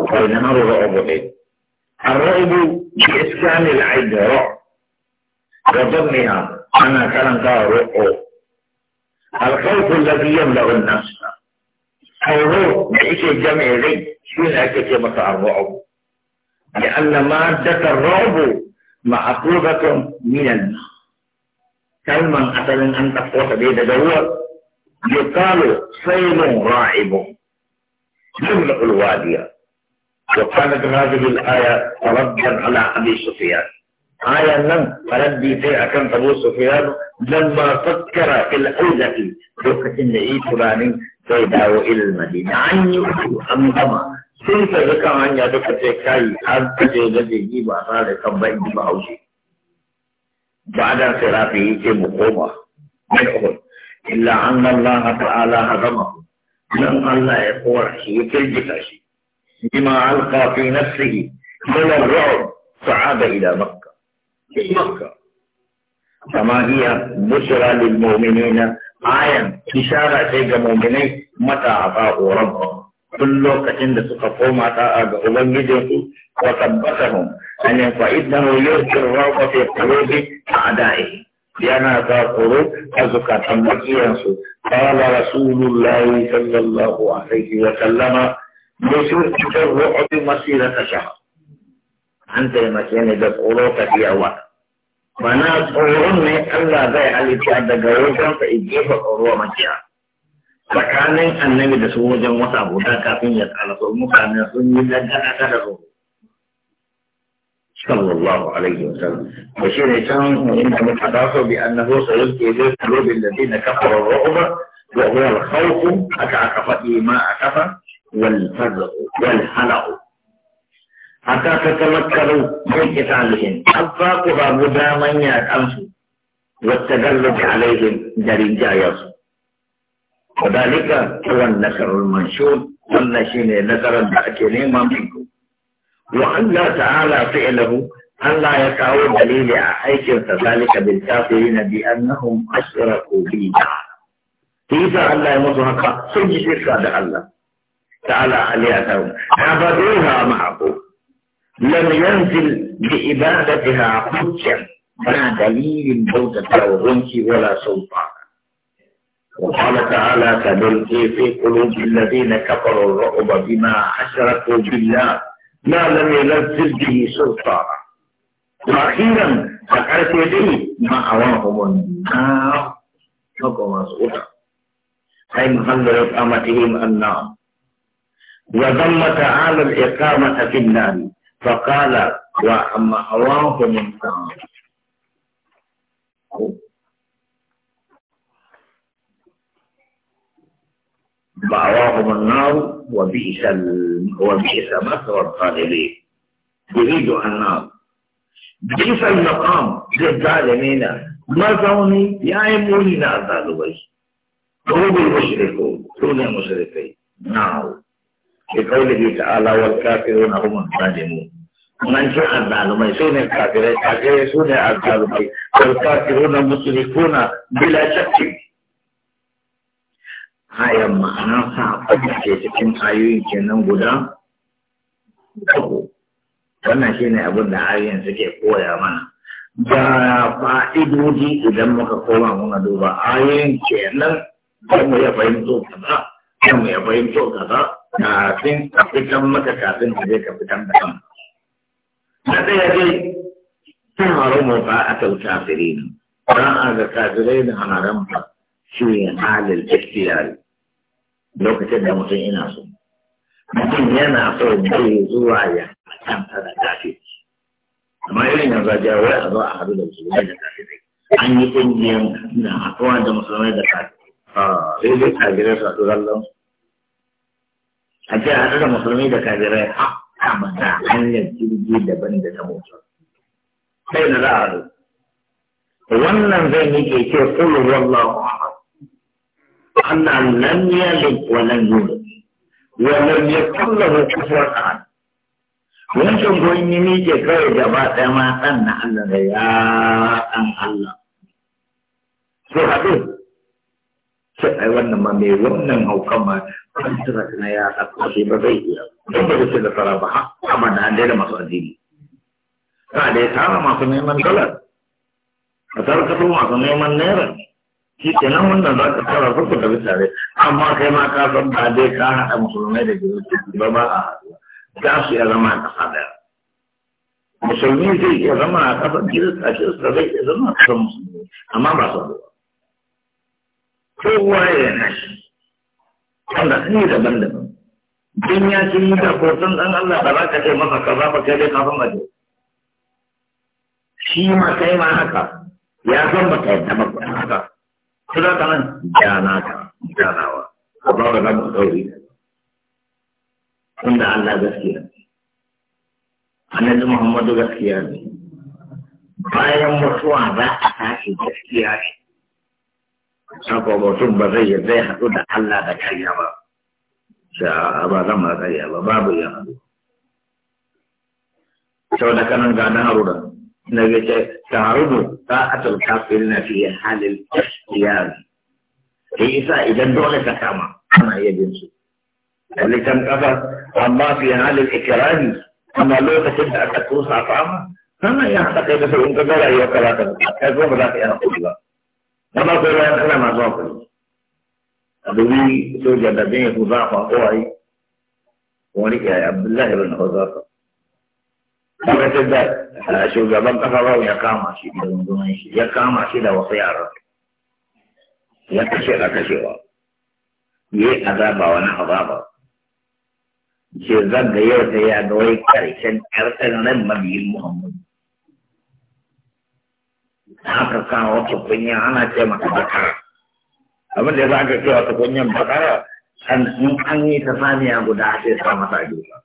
akwai na maro ra'abu ne الرعب بإسكان العد رعب وضمها أنا كان رعب الخوف الذي يملأ النفس الروح بإيش الجمع ذي شو الأكتب الرعب لأن مادة الرعب معقوبة من المخ kalman asalin أن ɗauko ta dai يقال ruwa رائب saylun ra'ibun jumla وقالت هذه الآية ردا على أبي سفيان آية لم فردي في أكن أبو سفيان لما فكر في العودة لوكة النبي فلان سيداو إلى المدينة عن يؤتي أمضما سيف ذكر عن يدك تكاي الذي يجيب جيبا صالحا بإجبا أوشي بعد صراطه مقومة من أهل إلا أن الله تعالى هضمه لم الله يقوى شيء تلجك شيء بما ألقى في نفسه من الرعب صعد إلى مكة في مكة كما هي بشرى للمؤمنين آية إشارة شيء مؤمنين متى أعطاه ربهم duk lokacin da suka koma ta'a ga ubangijinsu wa tabbatahum an yan fa'idnahu yurkir rawa fi a a'da'i yana ga tsoro a zukatan makiyansu qala rasulullahi sallallahu alaihi wa sallama yi الرعب sha. An taimake ne da tsoro tafiyawa bana tsoron ne Allah zai halitta daga wajen sa in jefa tsoro makiya tsakanin annabi da su wajen wata guda kafin ya kalaso mutane sun yi dangana ta da su sallallahu alaihi wa sallam ba shi ne can inda muka taso bi annahu sayyidu bi qulubil ladina kafaru ru'ba wa huwa al-khawf aka aka fadi ma akafa wal fadl wal halaq hatta tatalakkaru min qitalihim azza ku ba guda manya kansu wa tagallu alaihim jarin jayasu وذلك هو النشر المنشود والنشين شيء نصر ما منكم وأن تعالى فعله أن لا يقعوا دليل أيكم فذلك بالكافرين بأنهم أشركوا به كيف الله يموتوا حقا سجي شركة الله تعالى عليهم عبدوها معه لم ينزل بإبادتها حجة ولا دليل بوتة وغنش ولا سلطان وقال تعالى فبلقي في قلوب الذين كفروا الرعب بما اشركوا بالله ما لم ينزل به سلطانا واخيرا ذكرت يديه اراهم النار حكم مسؤولا اي خلدت اقامتهم النار وذم تعالى الاقامه في النار فقال وأما اراهم النار مأواهم النار وبئس ال... وبئس مثوى الظالمين يريدوا النار بئس المقام للظالمين مزوني يا يموني نازل وي هم المشركون دون المشركين نار نعم. في قوله تعالى والكافرون هم الظالمون من شاء الظالمين سون الكافرين كافرين سون الظالمين والكافرون مشركون بلا شك ayan ma'ana sa da ke cikin ayoyin kenan guda uku wannan shi ne abin da ayoyin suke koya mana ga fa'idoji idan muka koma muna duba ayoyin kenan kan mu ya fahimto kaza kan mu ya fahimto kaza kafin a fitan maka kafin da zai ka fitan da kan na ɗaya dai ta mu ba a tauta ba a ga kafirai da haramu ba Shi ne halin الاختيار lokacin da mutum ina so mutum yana so bai zuwa ya kanta da kafin amma irin yanzu a jawo a zo a haɗu da musulmai da kafirai an yi ƙungiyar na haɗuwa da musulmai da kafirai ah, sai zai kafirai su tsoron zallon a ce haɗu da musulmai da kafirai a ba da hanyar jirgi daban da ta mutu sai na za a haɗu wannan zai yi ke ce kullum wallahu a أن لم يلد ولم يولد ولم يكن له كفر أحد وانتم قولين نيجي كوي جبا تما تنى الله يا أم الله شو حدث سأي وانا ما مي وانا هو كما كنت ركنا يا أكبر في مبيه كنت بسيطة طلبها أما نعندي لما صديني فعليه تعالى ما صنعي من دولار أتركتوا ما صنعي من نيران shi kenan wannan za ka fara farko da mutane amma kai ma ka san ba dai ka haɗa musulmai da kiristoci ba ba a haɗuwa za su iya zama a ƙasa ɗaya musulmi zai iya zama a a kirista kirista zai iya zama a ƙasar musulmi amma ba su haɗuwa kowa ya na shi wanda sun yi daban-daban don ya ce yi da kotun ɗan Allah ba za ka ce masa kaza ba kai dai kafin aje shi ma kai ma haka ya san ba ka yadda ba ko ta nan jana ka janawa amma ba za mu dauri tunda Allah gaskiya annabi Muhammadu gaskiya ne bayan mutuwa za a tashi gaskiya ne sako mutum ba zai yarda ya haɗu da Allah da kariya ba sha ba zan ma kariya ba babu ya haɗu sau da kanan ga na haruna نجد تعرض طاعة الكافرين في حال الاختيار كيف إذا دولة كما أنا يجنسو اللي كان كفر أما في حال الإكرام أما لو تشد أتكوس أطعمه فما يعتقد في انتظار أي وكلاة كذب ذاك أنا رسول الله أما كما قال أنا ما ظافر أبوي سوجد بين خزافة أوعي ونكي عبد الله بن خزافة lokacin da eh, shugaban kasa bau ya kama shi da rundunan shi ya kama shi da wasu yara ya kashe da kashewa yi azaba wani azaba ce zan da yau sai ya ga wai karshen ƙarfin ran mabiyin muhammad haka kawo wata kunya ana ce mata bakara abin da ya za ka ce wata kunyan bakara an yi ta saniya guda sai sa mata gefa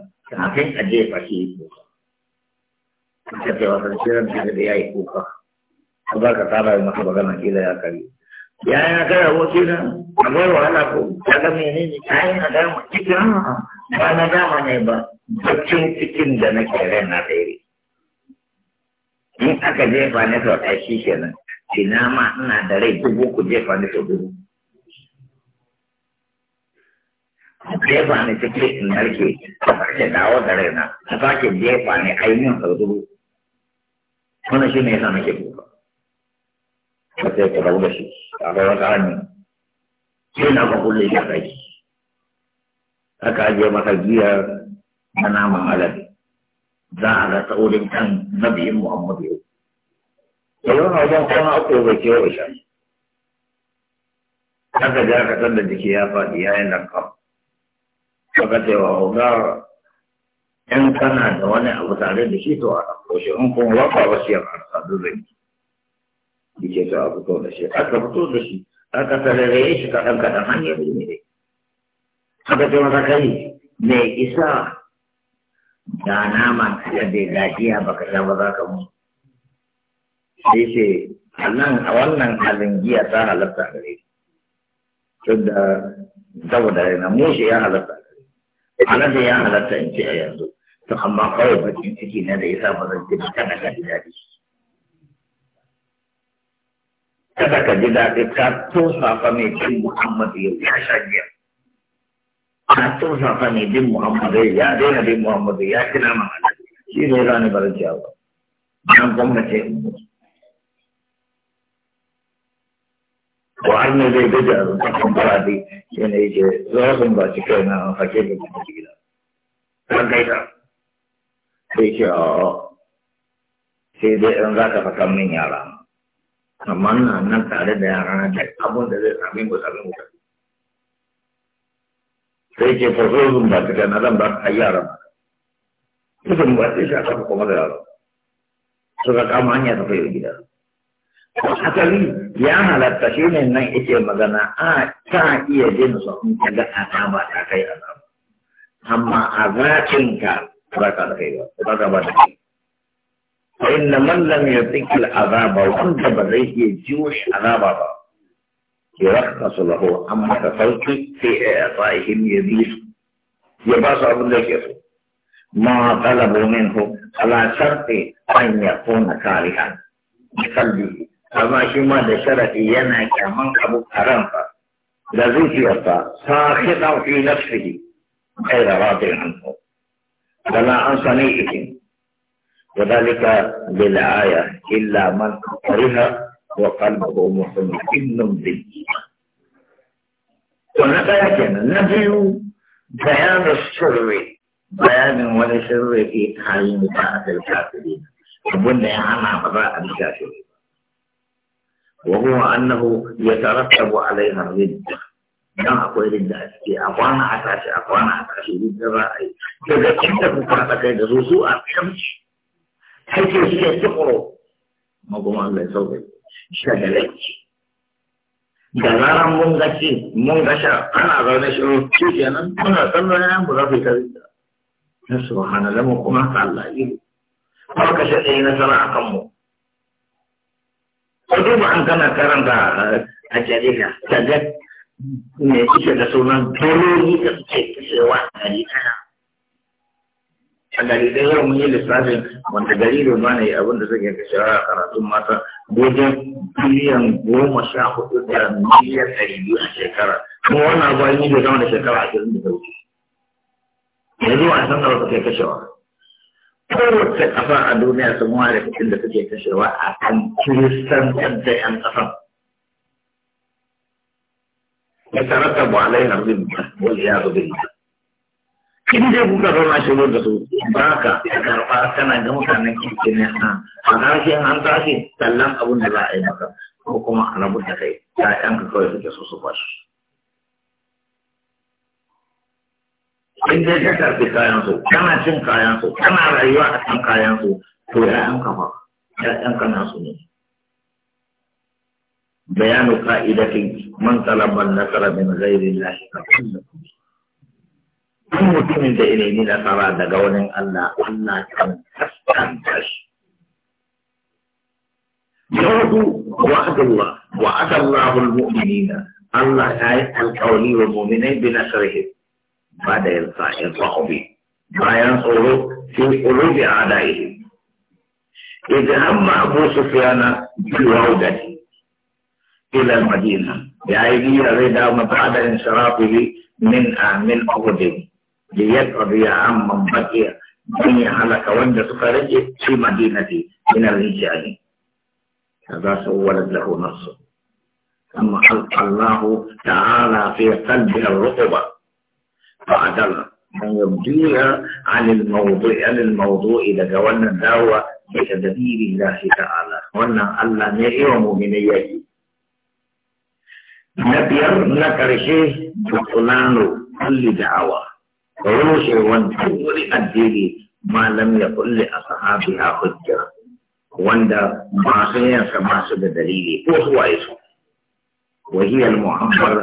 kafin a jefa shi yi kuka ka ce wasan shirin tare da ya yi kuka ka za ka tsara yi masa magana kila ya kare ya yi na kare aboki na akwai wahala ko ya ga mene ne ta yi na dama cikin ba na dama ne ba bakin cikin da na rai na tsere in aka jefa ne sau ɗaya shi kenan ina ma ina da rai dubu ku jefa ne sau dubu jefa ne take in narke ta sake dawo da raina ta sake jefa ne ainihin sauturu wannan shi ne yasa nake kuka ba sai ka rabu da shi a bai wata hannu sai na ba kulle shi a ɗaki aka ajiye masa giya na naman alade za a ga tsaurin kan nabiyin muhammadu yau da yawan wajen kwana uku bai ce wa isha aka ja ka san da jiki ya faɗi ya yi lakab kaga cewa oga in kana da wani abu tare da shi to a ɗauko shi in kuma ba ba wasu yan da zai yi ce to a fito da shi aka fito da shi aka tarare shi kaɗan kaɗan hanyar ne dai aka ce masa kai me isa da naman da bai gajiya baka sha ba za ka mu sai ce a nan a wannan halin giya ta halatta gare shi tunda saboda na shi ya halatta ana ya halatta in ce a yanzu to amma kawai bakin ciki na da yasa ba zan ji ba kada ka ji daɗi kada ka ji daɗi ka tosa fa mai bin Muhammad yau ya sha giya ka tosa fa mai bin Muhammad ya daina bin Muhammadu ya kina ma shi ne rani ba zan ba nan gwamnati ya mutu to har ne zai gaji a zukatan baradi shi ne yake za su ba shi kai na hake da kuma gida kan gaida sai ce a sai dai in za ka faka min yara amma na nan tare da yara na da abin da zai sami mu sami mu sai ke farko zun ba ta kai na zan ba ka yara ba mutum ba sai shi a kafa kuma da yara suka kama hanya ta fayo gida asali ya halatta shi ne nan ike magana a ta iya jin su in ka ga azaba ta kai azaba amma a zakin ka ba ka da kai ba ba ka ba da kai fa inna man lam yatiki azaba wanda ba zai iya jiwo shi azaba ba yarakkasu lahu amma ka sauki sai a sa'ihim ya bi su ya ba su abin da yake so ma talabu minhu ala sharti an yakuna karihan bi qalbihi amma shi ma da sharaɗi yana kyaman abu a ransa da zuciyarsa sakhitan fi nafsihi ghayra radin anhu dala an sani وذلك بالآية إلا من كره وقلبه مطمئن بالإيمان ونبأ كان نبي بيان السر بيان ولسر في تعليم بعض الكافرين وبنى عن عقباء الكافرين وهو أنه يترتب عليها الردة dan akwai ridda a ciki a kwana a tashi a kwana a tashi ridda za a yi daga inda ku fata kai da su a kamci kake suke tukuro magoma Allah ya sauke shagalaici da zaran mun ga ci mun ga sha ana zaune shiru shi kenan muna sannan ya mu zafi ta ridda na subhanallah mu kuma Allah yi ko ka shaɗe nasara akan mu ka duba an kana karanta eh, a jarida ta ga ne suke da sunan daloli da suke kashewa a gari ɗaya a gari ɗaya mun yi lissafin wanda gari da ma ne abin da suke kashewa a karatun mata wajen biliyan goma sha hudu da miliyan ɗari biyu a shekara kuma wannan abu an yi da zama da shekara ashirin da ta wuce yanzu a san da wasu kai kashewa kowace kafa a duniya sun ware kuɗin da suke kashewa a kan kiristan da ‘yan ƙasan. Ya tarata ba alai rubin ba, wani ya rubin ba. Kin dai kuka zama shi da su, ba ka karɓa kana ga mutanen ya ne a harshen an tashi tallan abin da za a yi maka, ko kuma a rabu da kai, 'yanka kawai suke so su in dai ka karfi kayan su kana cin kayan su kana rayuwa a kan kayan su to ya yanka fa ya'yan ka nasu ne bayanu ka'idatin man talaban nasara min ghairi llahi ka kun mutumin da ilimi nasara daga wurin Allah Allah kan kaskanta shi yawadu wa'adallah wa'adallahu almu'minina Allah ya yi alƙawari wa mu'minai bi nasarihi بعد الرعب بيان خروج في قلوب أعدائهم إذ هم أبو سفيان بالعودة إلى المدينة بأيدي الرداء بعد انصرافه من من أحد ليقضي عمن بقي من هلك وند خرج في مدينة من الرجال هذا سولد له نصه ثم ألقى الله تعالى في قلبه الرقبة بعدها أن يبديها عن الموضوع عن الموضوع إذا جوانا دعوة بتدبير الله تعالى وانا الله نعيه مؤمنيه نبيار نكرشه بطلان كل دعوة روشه وانتور الدين ما لم يقل لأصحابها حجة wanda ما yansa masu da dalili ko su waye su wahiyar muhammad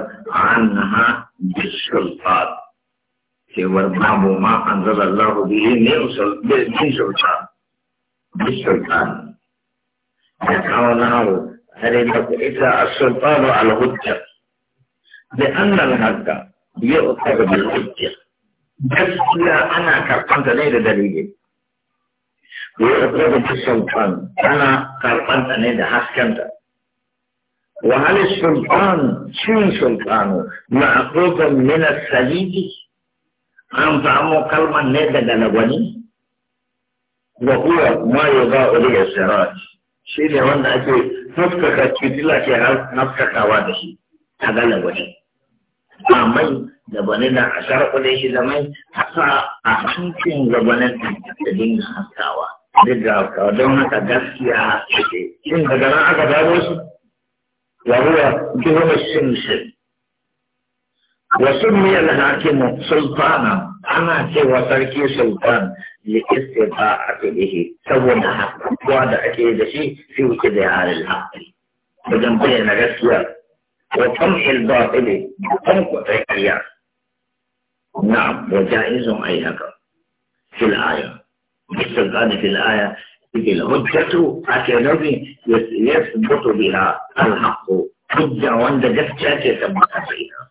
cewar babu ma an zara Allah bihi min sultan min sultan da kawo na hau hare da ku ita a sultanu al-hujja da annal haka yau ta ga bil hujja gaskiya ana karɓanta ne da dalili yau ta ga bil sultan ana karɓanta ne da haskenta وهل السلطان شين سلطانه معقوب من السليب an samu kalman ne daga lagwani ga kuwa ma a li sirat shi ne wanda ake haskaka cutila ke wa da shi ta ga lagwani A mai gabanin da a sharkuɗe shi da mai a sa a hancin gabanin da dinga haskawa duk da haskawa don haka gaskiya ce shin daga nan aka dawo shi wa huwa duhu shi. وسمي الحاكم سلطانا أنا سوى تركي سلطان لاستطاعة به سوى حقا وهذا أكيد شيء في كذهار الحق بين غسيا وطمع الباطل وطمع تكريا نعم وجائز أي في الآية بالسلطان في الآية إذ الهجة أكيد يثبت بها الحق حجة وعند جفتها كتبت فيها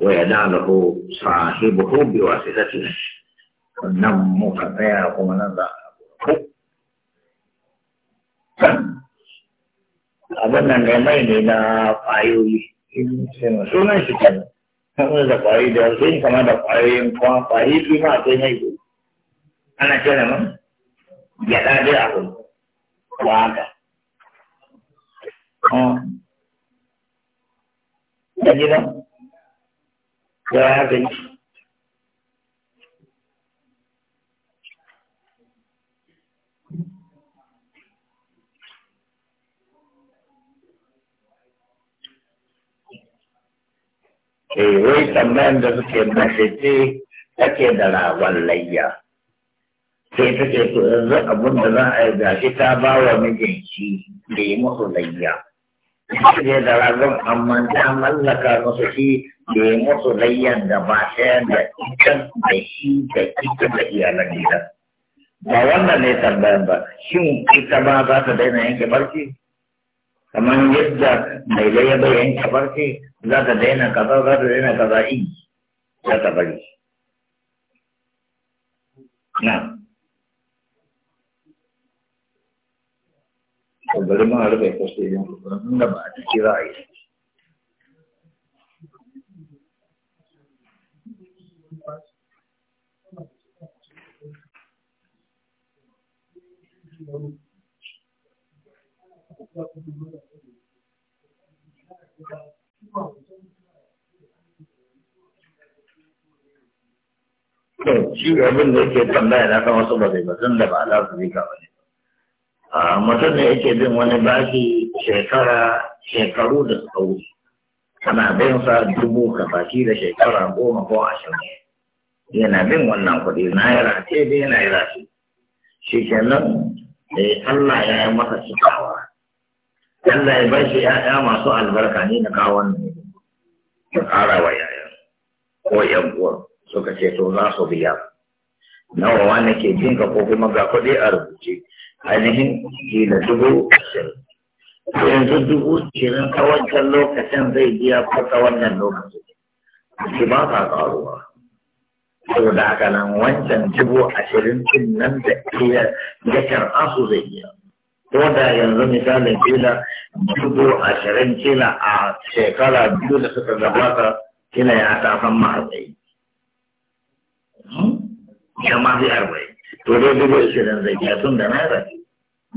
ويناله صاحبه بواسطته wannan muka tsaya kuma nan za a abin nan ga mai ne na ƙwayoyi sunan shi kan kamar da ƙwayoyi da sun kama da ƙwayoyin kuma ƙwayoyi su ma akwai mai ko ana ce da man gyaɗa dai abu ko haka gidan ya eh, wai tambayan da suke mashace take da ragon Sai take so abin da za a yi gashi ta ba wa mijinki da yi musu layya. suke da ragon amma ta mallaka musu shi da ya musu layyan da ba ɗaya da ita da shi da ita da iyalan gida. Ba wannan ne tambayan ba, shin ita ba za ta daina yanke barci? Kamar yadda mai layya bai yanke barci za ta daina kaza za ta daina kaza in za ta bari. Na. bari ma rufe ko sai yin da ba a ciki a yi tambaya na kan wasu ba ba zan da ba za su mutum ne yake bin wani bashi shekara shekaru da tsauri ana bin sa dubu kafaki da shekara goma ko ashirin yana bin wannan kuɗi naira ce dai yi ce shi kenan eh Allah ya yi masa cikawa Allah ya bashi shi ya'ya masu albarka ne na kawo wannan ya ƙara wa yayan ko yan uwa suka ce to za su biya nawa wani ke jinka ko kuma ga kuɗi a rubuce ainihin kila dubu ashirin yanzu dubu ashirin ta wancan lokacin zai biya kwata wannan lokacin shi ba ta karuwa da haka nan wancan dubu ashirin din nan da iya ya karɓa su zai biya ko da yanzu misalin kila dubu ashirin kila a shekara biyu da suka gabata kila ya ta san ma'azai. Hmm? Yamma zai arba'in. to dai dubu ishirin zai iya tun da naira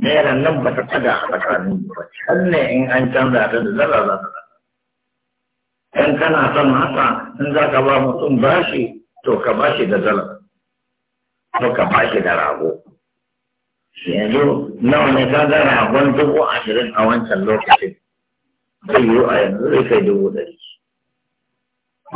naira nan ba ta taga a tsakanin ba can ne in an canza ta da zara za ta in kana son haka in za ka ba mutum bashi to ka bashi da zara to ka bashi da rago yanzu nawa ne ka a ragon dubu ashirin a wancan lokacin zai yiwu a yanzu zai kai dubu ɗari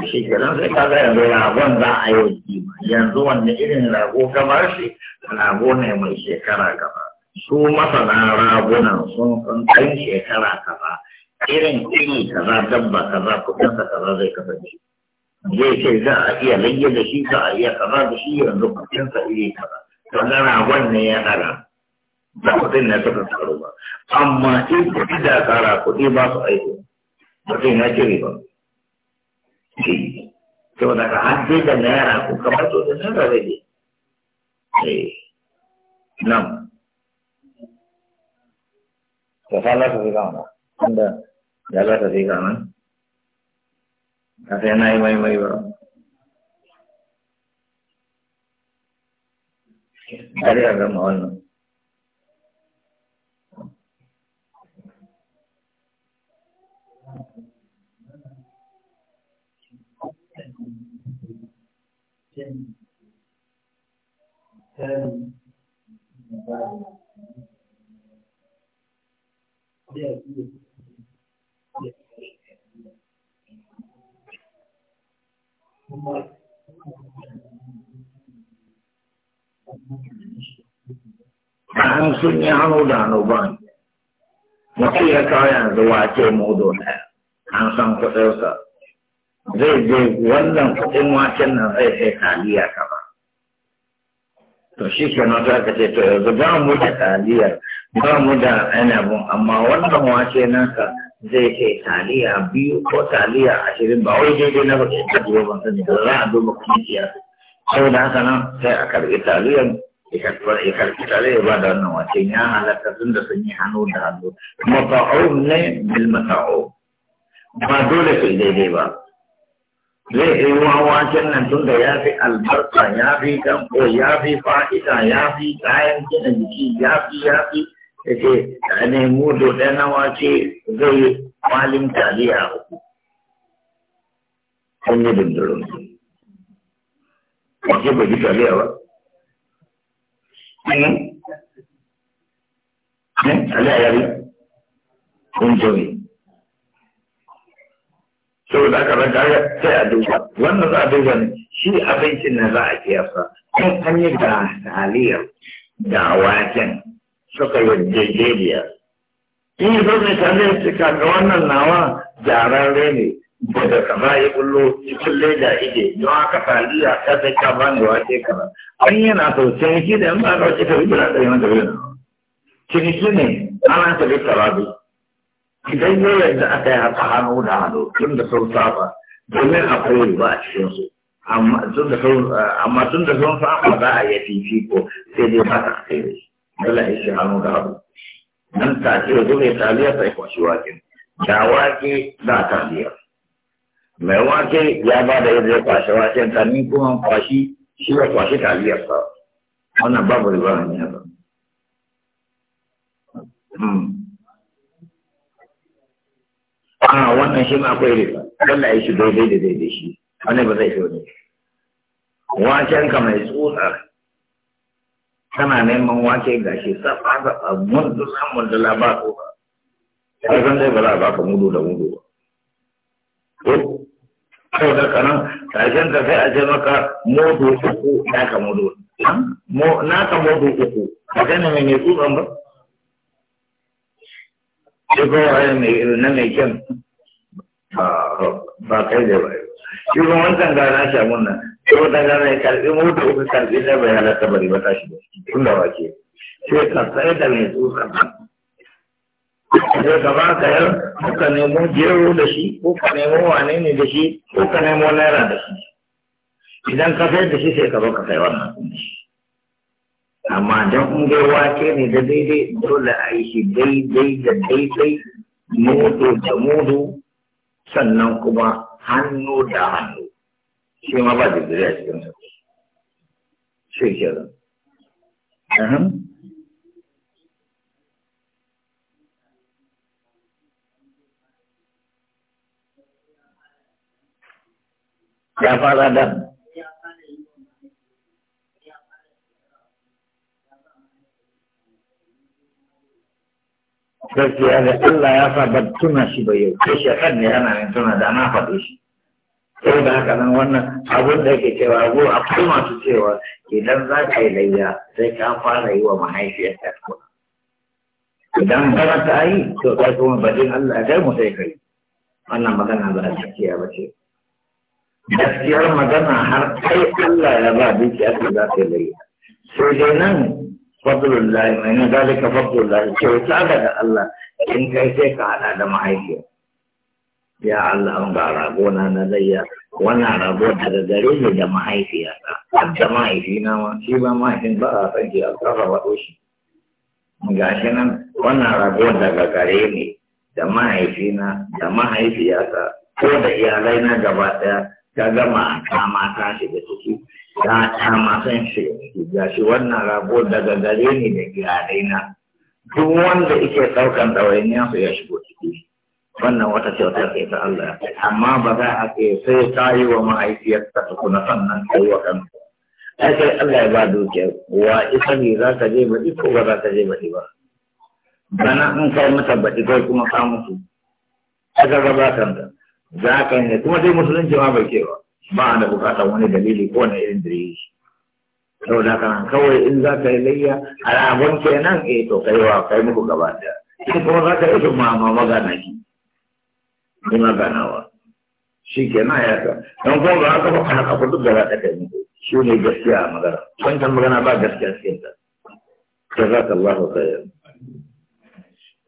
shi kenan sai ka ga yanzu ragon za a yi kima yanzu wanne irin rago kamar shi rago ne mai shekara gaba su masana ragunan sun san ɗan shekara kaza irin iri kaza dabba kaza kuɗinsa kaza zai kasance zai ce za a iya lage da shi za a iya kaza da shi yanzu kuɗinsa iri kaza to na ragon ne ya ɗara ba kuɗin ne suka taru ba amma in kuɗi da kara kuɗi ba su aiko mutum ya ce riba to ka hajji da naira ko kamar to da naira rage eh, nan ta ta inda ya za ta sai na yi mai mai ba wannan. ten ten yes yes yes sun yi hannu da ya kawo yanzu wace an zai je wannan kuɗin waken nan zai kai taliya kama to shi ke nan za ka ce to yanzu ba mu da taliya. ba mu da anabin amma wannan wake ka zai kai taliya biyu ko taliya ashirin ba wai daidai na bakin ta biyu ban sani ba za a duba kuɗin siyasa saboda haka nan sai a karɓi taliyan, ikar kitare ba da wannan waken. ya halatta tun da sun yi hannu da hannu mata'o ne bil ba dole sai daidai ba zai yi wawancin nan tun da ya fi albarka ya fi gambo ya fi fa'ida ya fi kayan gina jiki ya fi ya fi da ce da ne mu da na wace zai kwalin taliya uku sun yi dindirin su wace bai taliya ba taliya hmm? hmm? ya kun saboda aka raga ya sai a duba wannan za a duba ne shi abincin na za a kiyasa kan an yi da taliyar da waken suka yi jejeriya in yi zai da cika ga wannan nawa jararre ne da kama ya kullo cikin leda ije don haka taliya ta sai ka bani wake kaza an yana so ciniki da yan ba ka wace ka bibira da na da wani ciniki ne ana bi tarabi idan yau yadda aka yi haka hannu da hannu tun da sun saba domin akwai ba a cikin su amma tun da sun saba za a yi fifiko sai dai ba ta tsere dole a shi hannu da hannu nan ta ce zube taliyar sai kwashi wakin da wake da taliyar mai wake ya ba da yadda ya kwashi wakin kamin kuma kwashi shi ya kwashi taliyar sa wannan babu riba ne ba. a wannan shi ma akwai riba Allah ya shi daidai da daidai shi wani ba zai wani ka mai tsutsa tana neman wake gashi safa safa mundula mundula ba ko ba sai san ba za a baka mudu da mudu ba ko sau da kanan tashin ka sai a ce maka mudu uku naka mudu naka mudu uku ka gane mai tsutsan ba sai kowaye na mai kyan ba kai da ba shi kuma wancan gana shi mun nan sai wata gana ya karbi mota uku karbi da bai halatta bari ba tashi da tun da wace sai ka sai da mai tsutsa sai ka ba ka yar ko ka nemo gero da shi ko ka nemo wane ne da shi ko ka nemo naira da shi idan ka sai da shi sai ka zo ka sai wannan amma don in wake ne da daidai dole a yi shi daidai da daidai modo da modo sannan kuma hannu da hannu shi ma ba da a cikin sa shi ke ya fara da gaskiya da Allah ya sa ba tuna shi ba yau ko shekar ne yana yin tuna da na faɗo shi sai da haka nan wannan abun da yake cewa ko akwai masu cewa idan za ka yi layya sai ka fara yi wa mahaifiyarka tukuna idan ba ta yi to kai kuma bajin Allah ya kai mu sai kai wannan magana ba gaskiya ba ce gaskiyar magana har kai Allah ya ba dukiya ce za ka yi layya sai dai nan fadlul lahi mai na zalika fadlul lahi kyauta daga Allah in kai sai ka hada da mahaifiya ya Allah an ga rago na na layya wannan rago daga gare ni da mahaifiya ta har da mahaifi na ma shi ba mahaifin ba a san shi a kafa wato shi ga shi nan wannan rago daga gare ni da mahaifina da mahaifiyata ko da iyalai na gaba ɗaya ta gama kama ta da ciki ya ta masan shi ga shi wannan rabo daga gare ni da gare na duk wanda yake daukan ɗawainiya su ya shigo ciki wannan wata kyauta ce ta Allah amma ba za a ce sai ta yi wa ma'aikiyarta tukuna sannan ta yi wa kan ai sai Allah ya ba dukiyar wa ita ne za ka je baɗi ko ba za ka je baɗi ba bana in kai mata baɗi kai kuma ka mutu aka gaba kanta za ka ne kuma dai musulunci ma bai kewa ba da bukatar wani dalili ko wani irin dalili saboda haka kawai in za ka yi layya a ragon kenan eh to kai wa kai muku gaba da shi kuma za ka yi su mama magana ki ni maganawa shi kenan ya ka don kuma ba haka ba haka ba duk gaba da yi shi ne gaskiya magana wancan magana ba gaskiya cikin ta jazakallahu khairan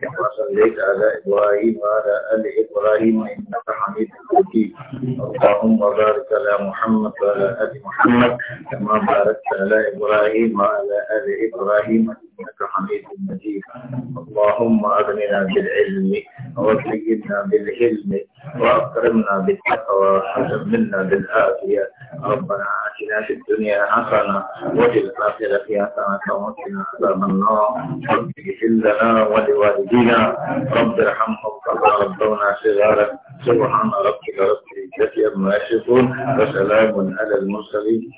كما صليت على إبراهيم وعلى آل إبراهيم إنك حميد مجيد اللهم بارك على محمد وعلى آل محمد كما باركت على إبراهيم وعلى آل إبراهيم إنك حميد مجيد اللهم أغننا بالعلم وزينا بالعلم وأكرمنا بالتقوى منا بالعافية ربنا آتنا في الدنيا حسنة وفي الآخرة حسنة وقنا عذاب النار ربي اغفر لنا ولوالدينا رب ارحمهم كما ربونا صغارا سبحان ربك رب العزة عما يصفون وسلام على المرسلين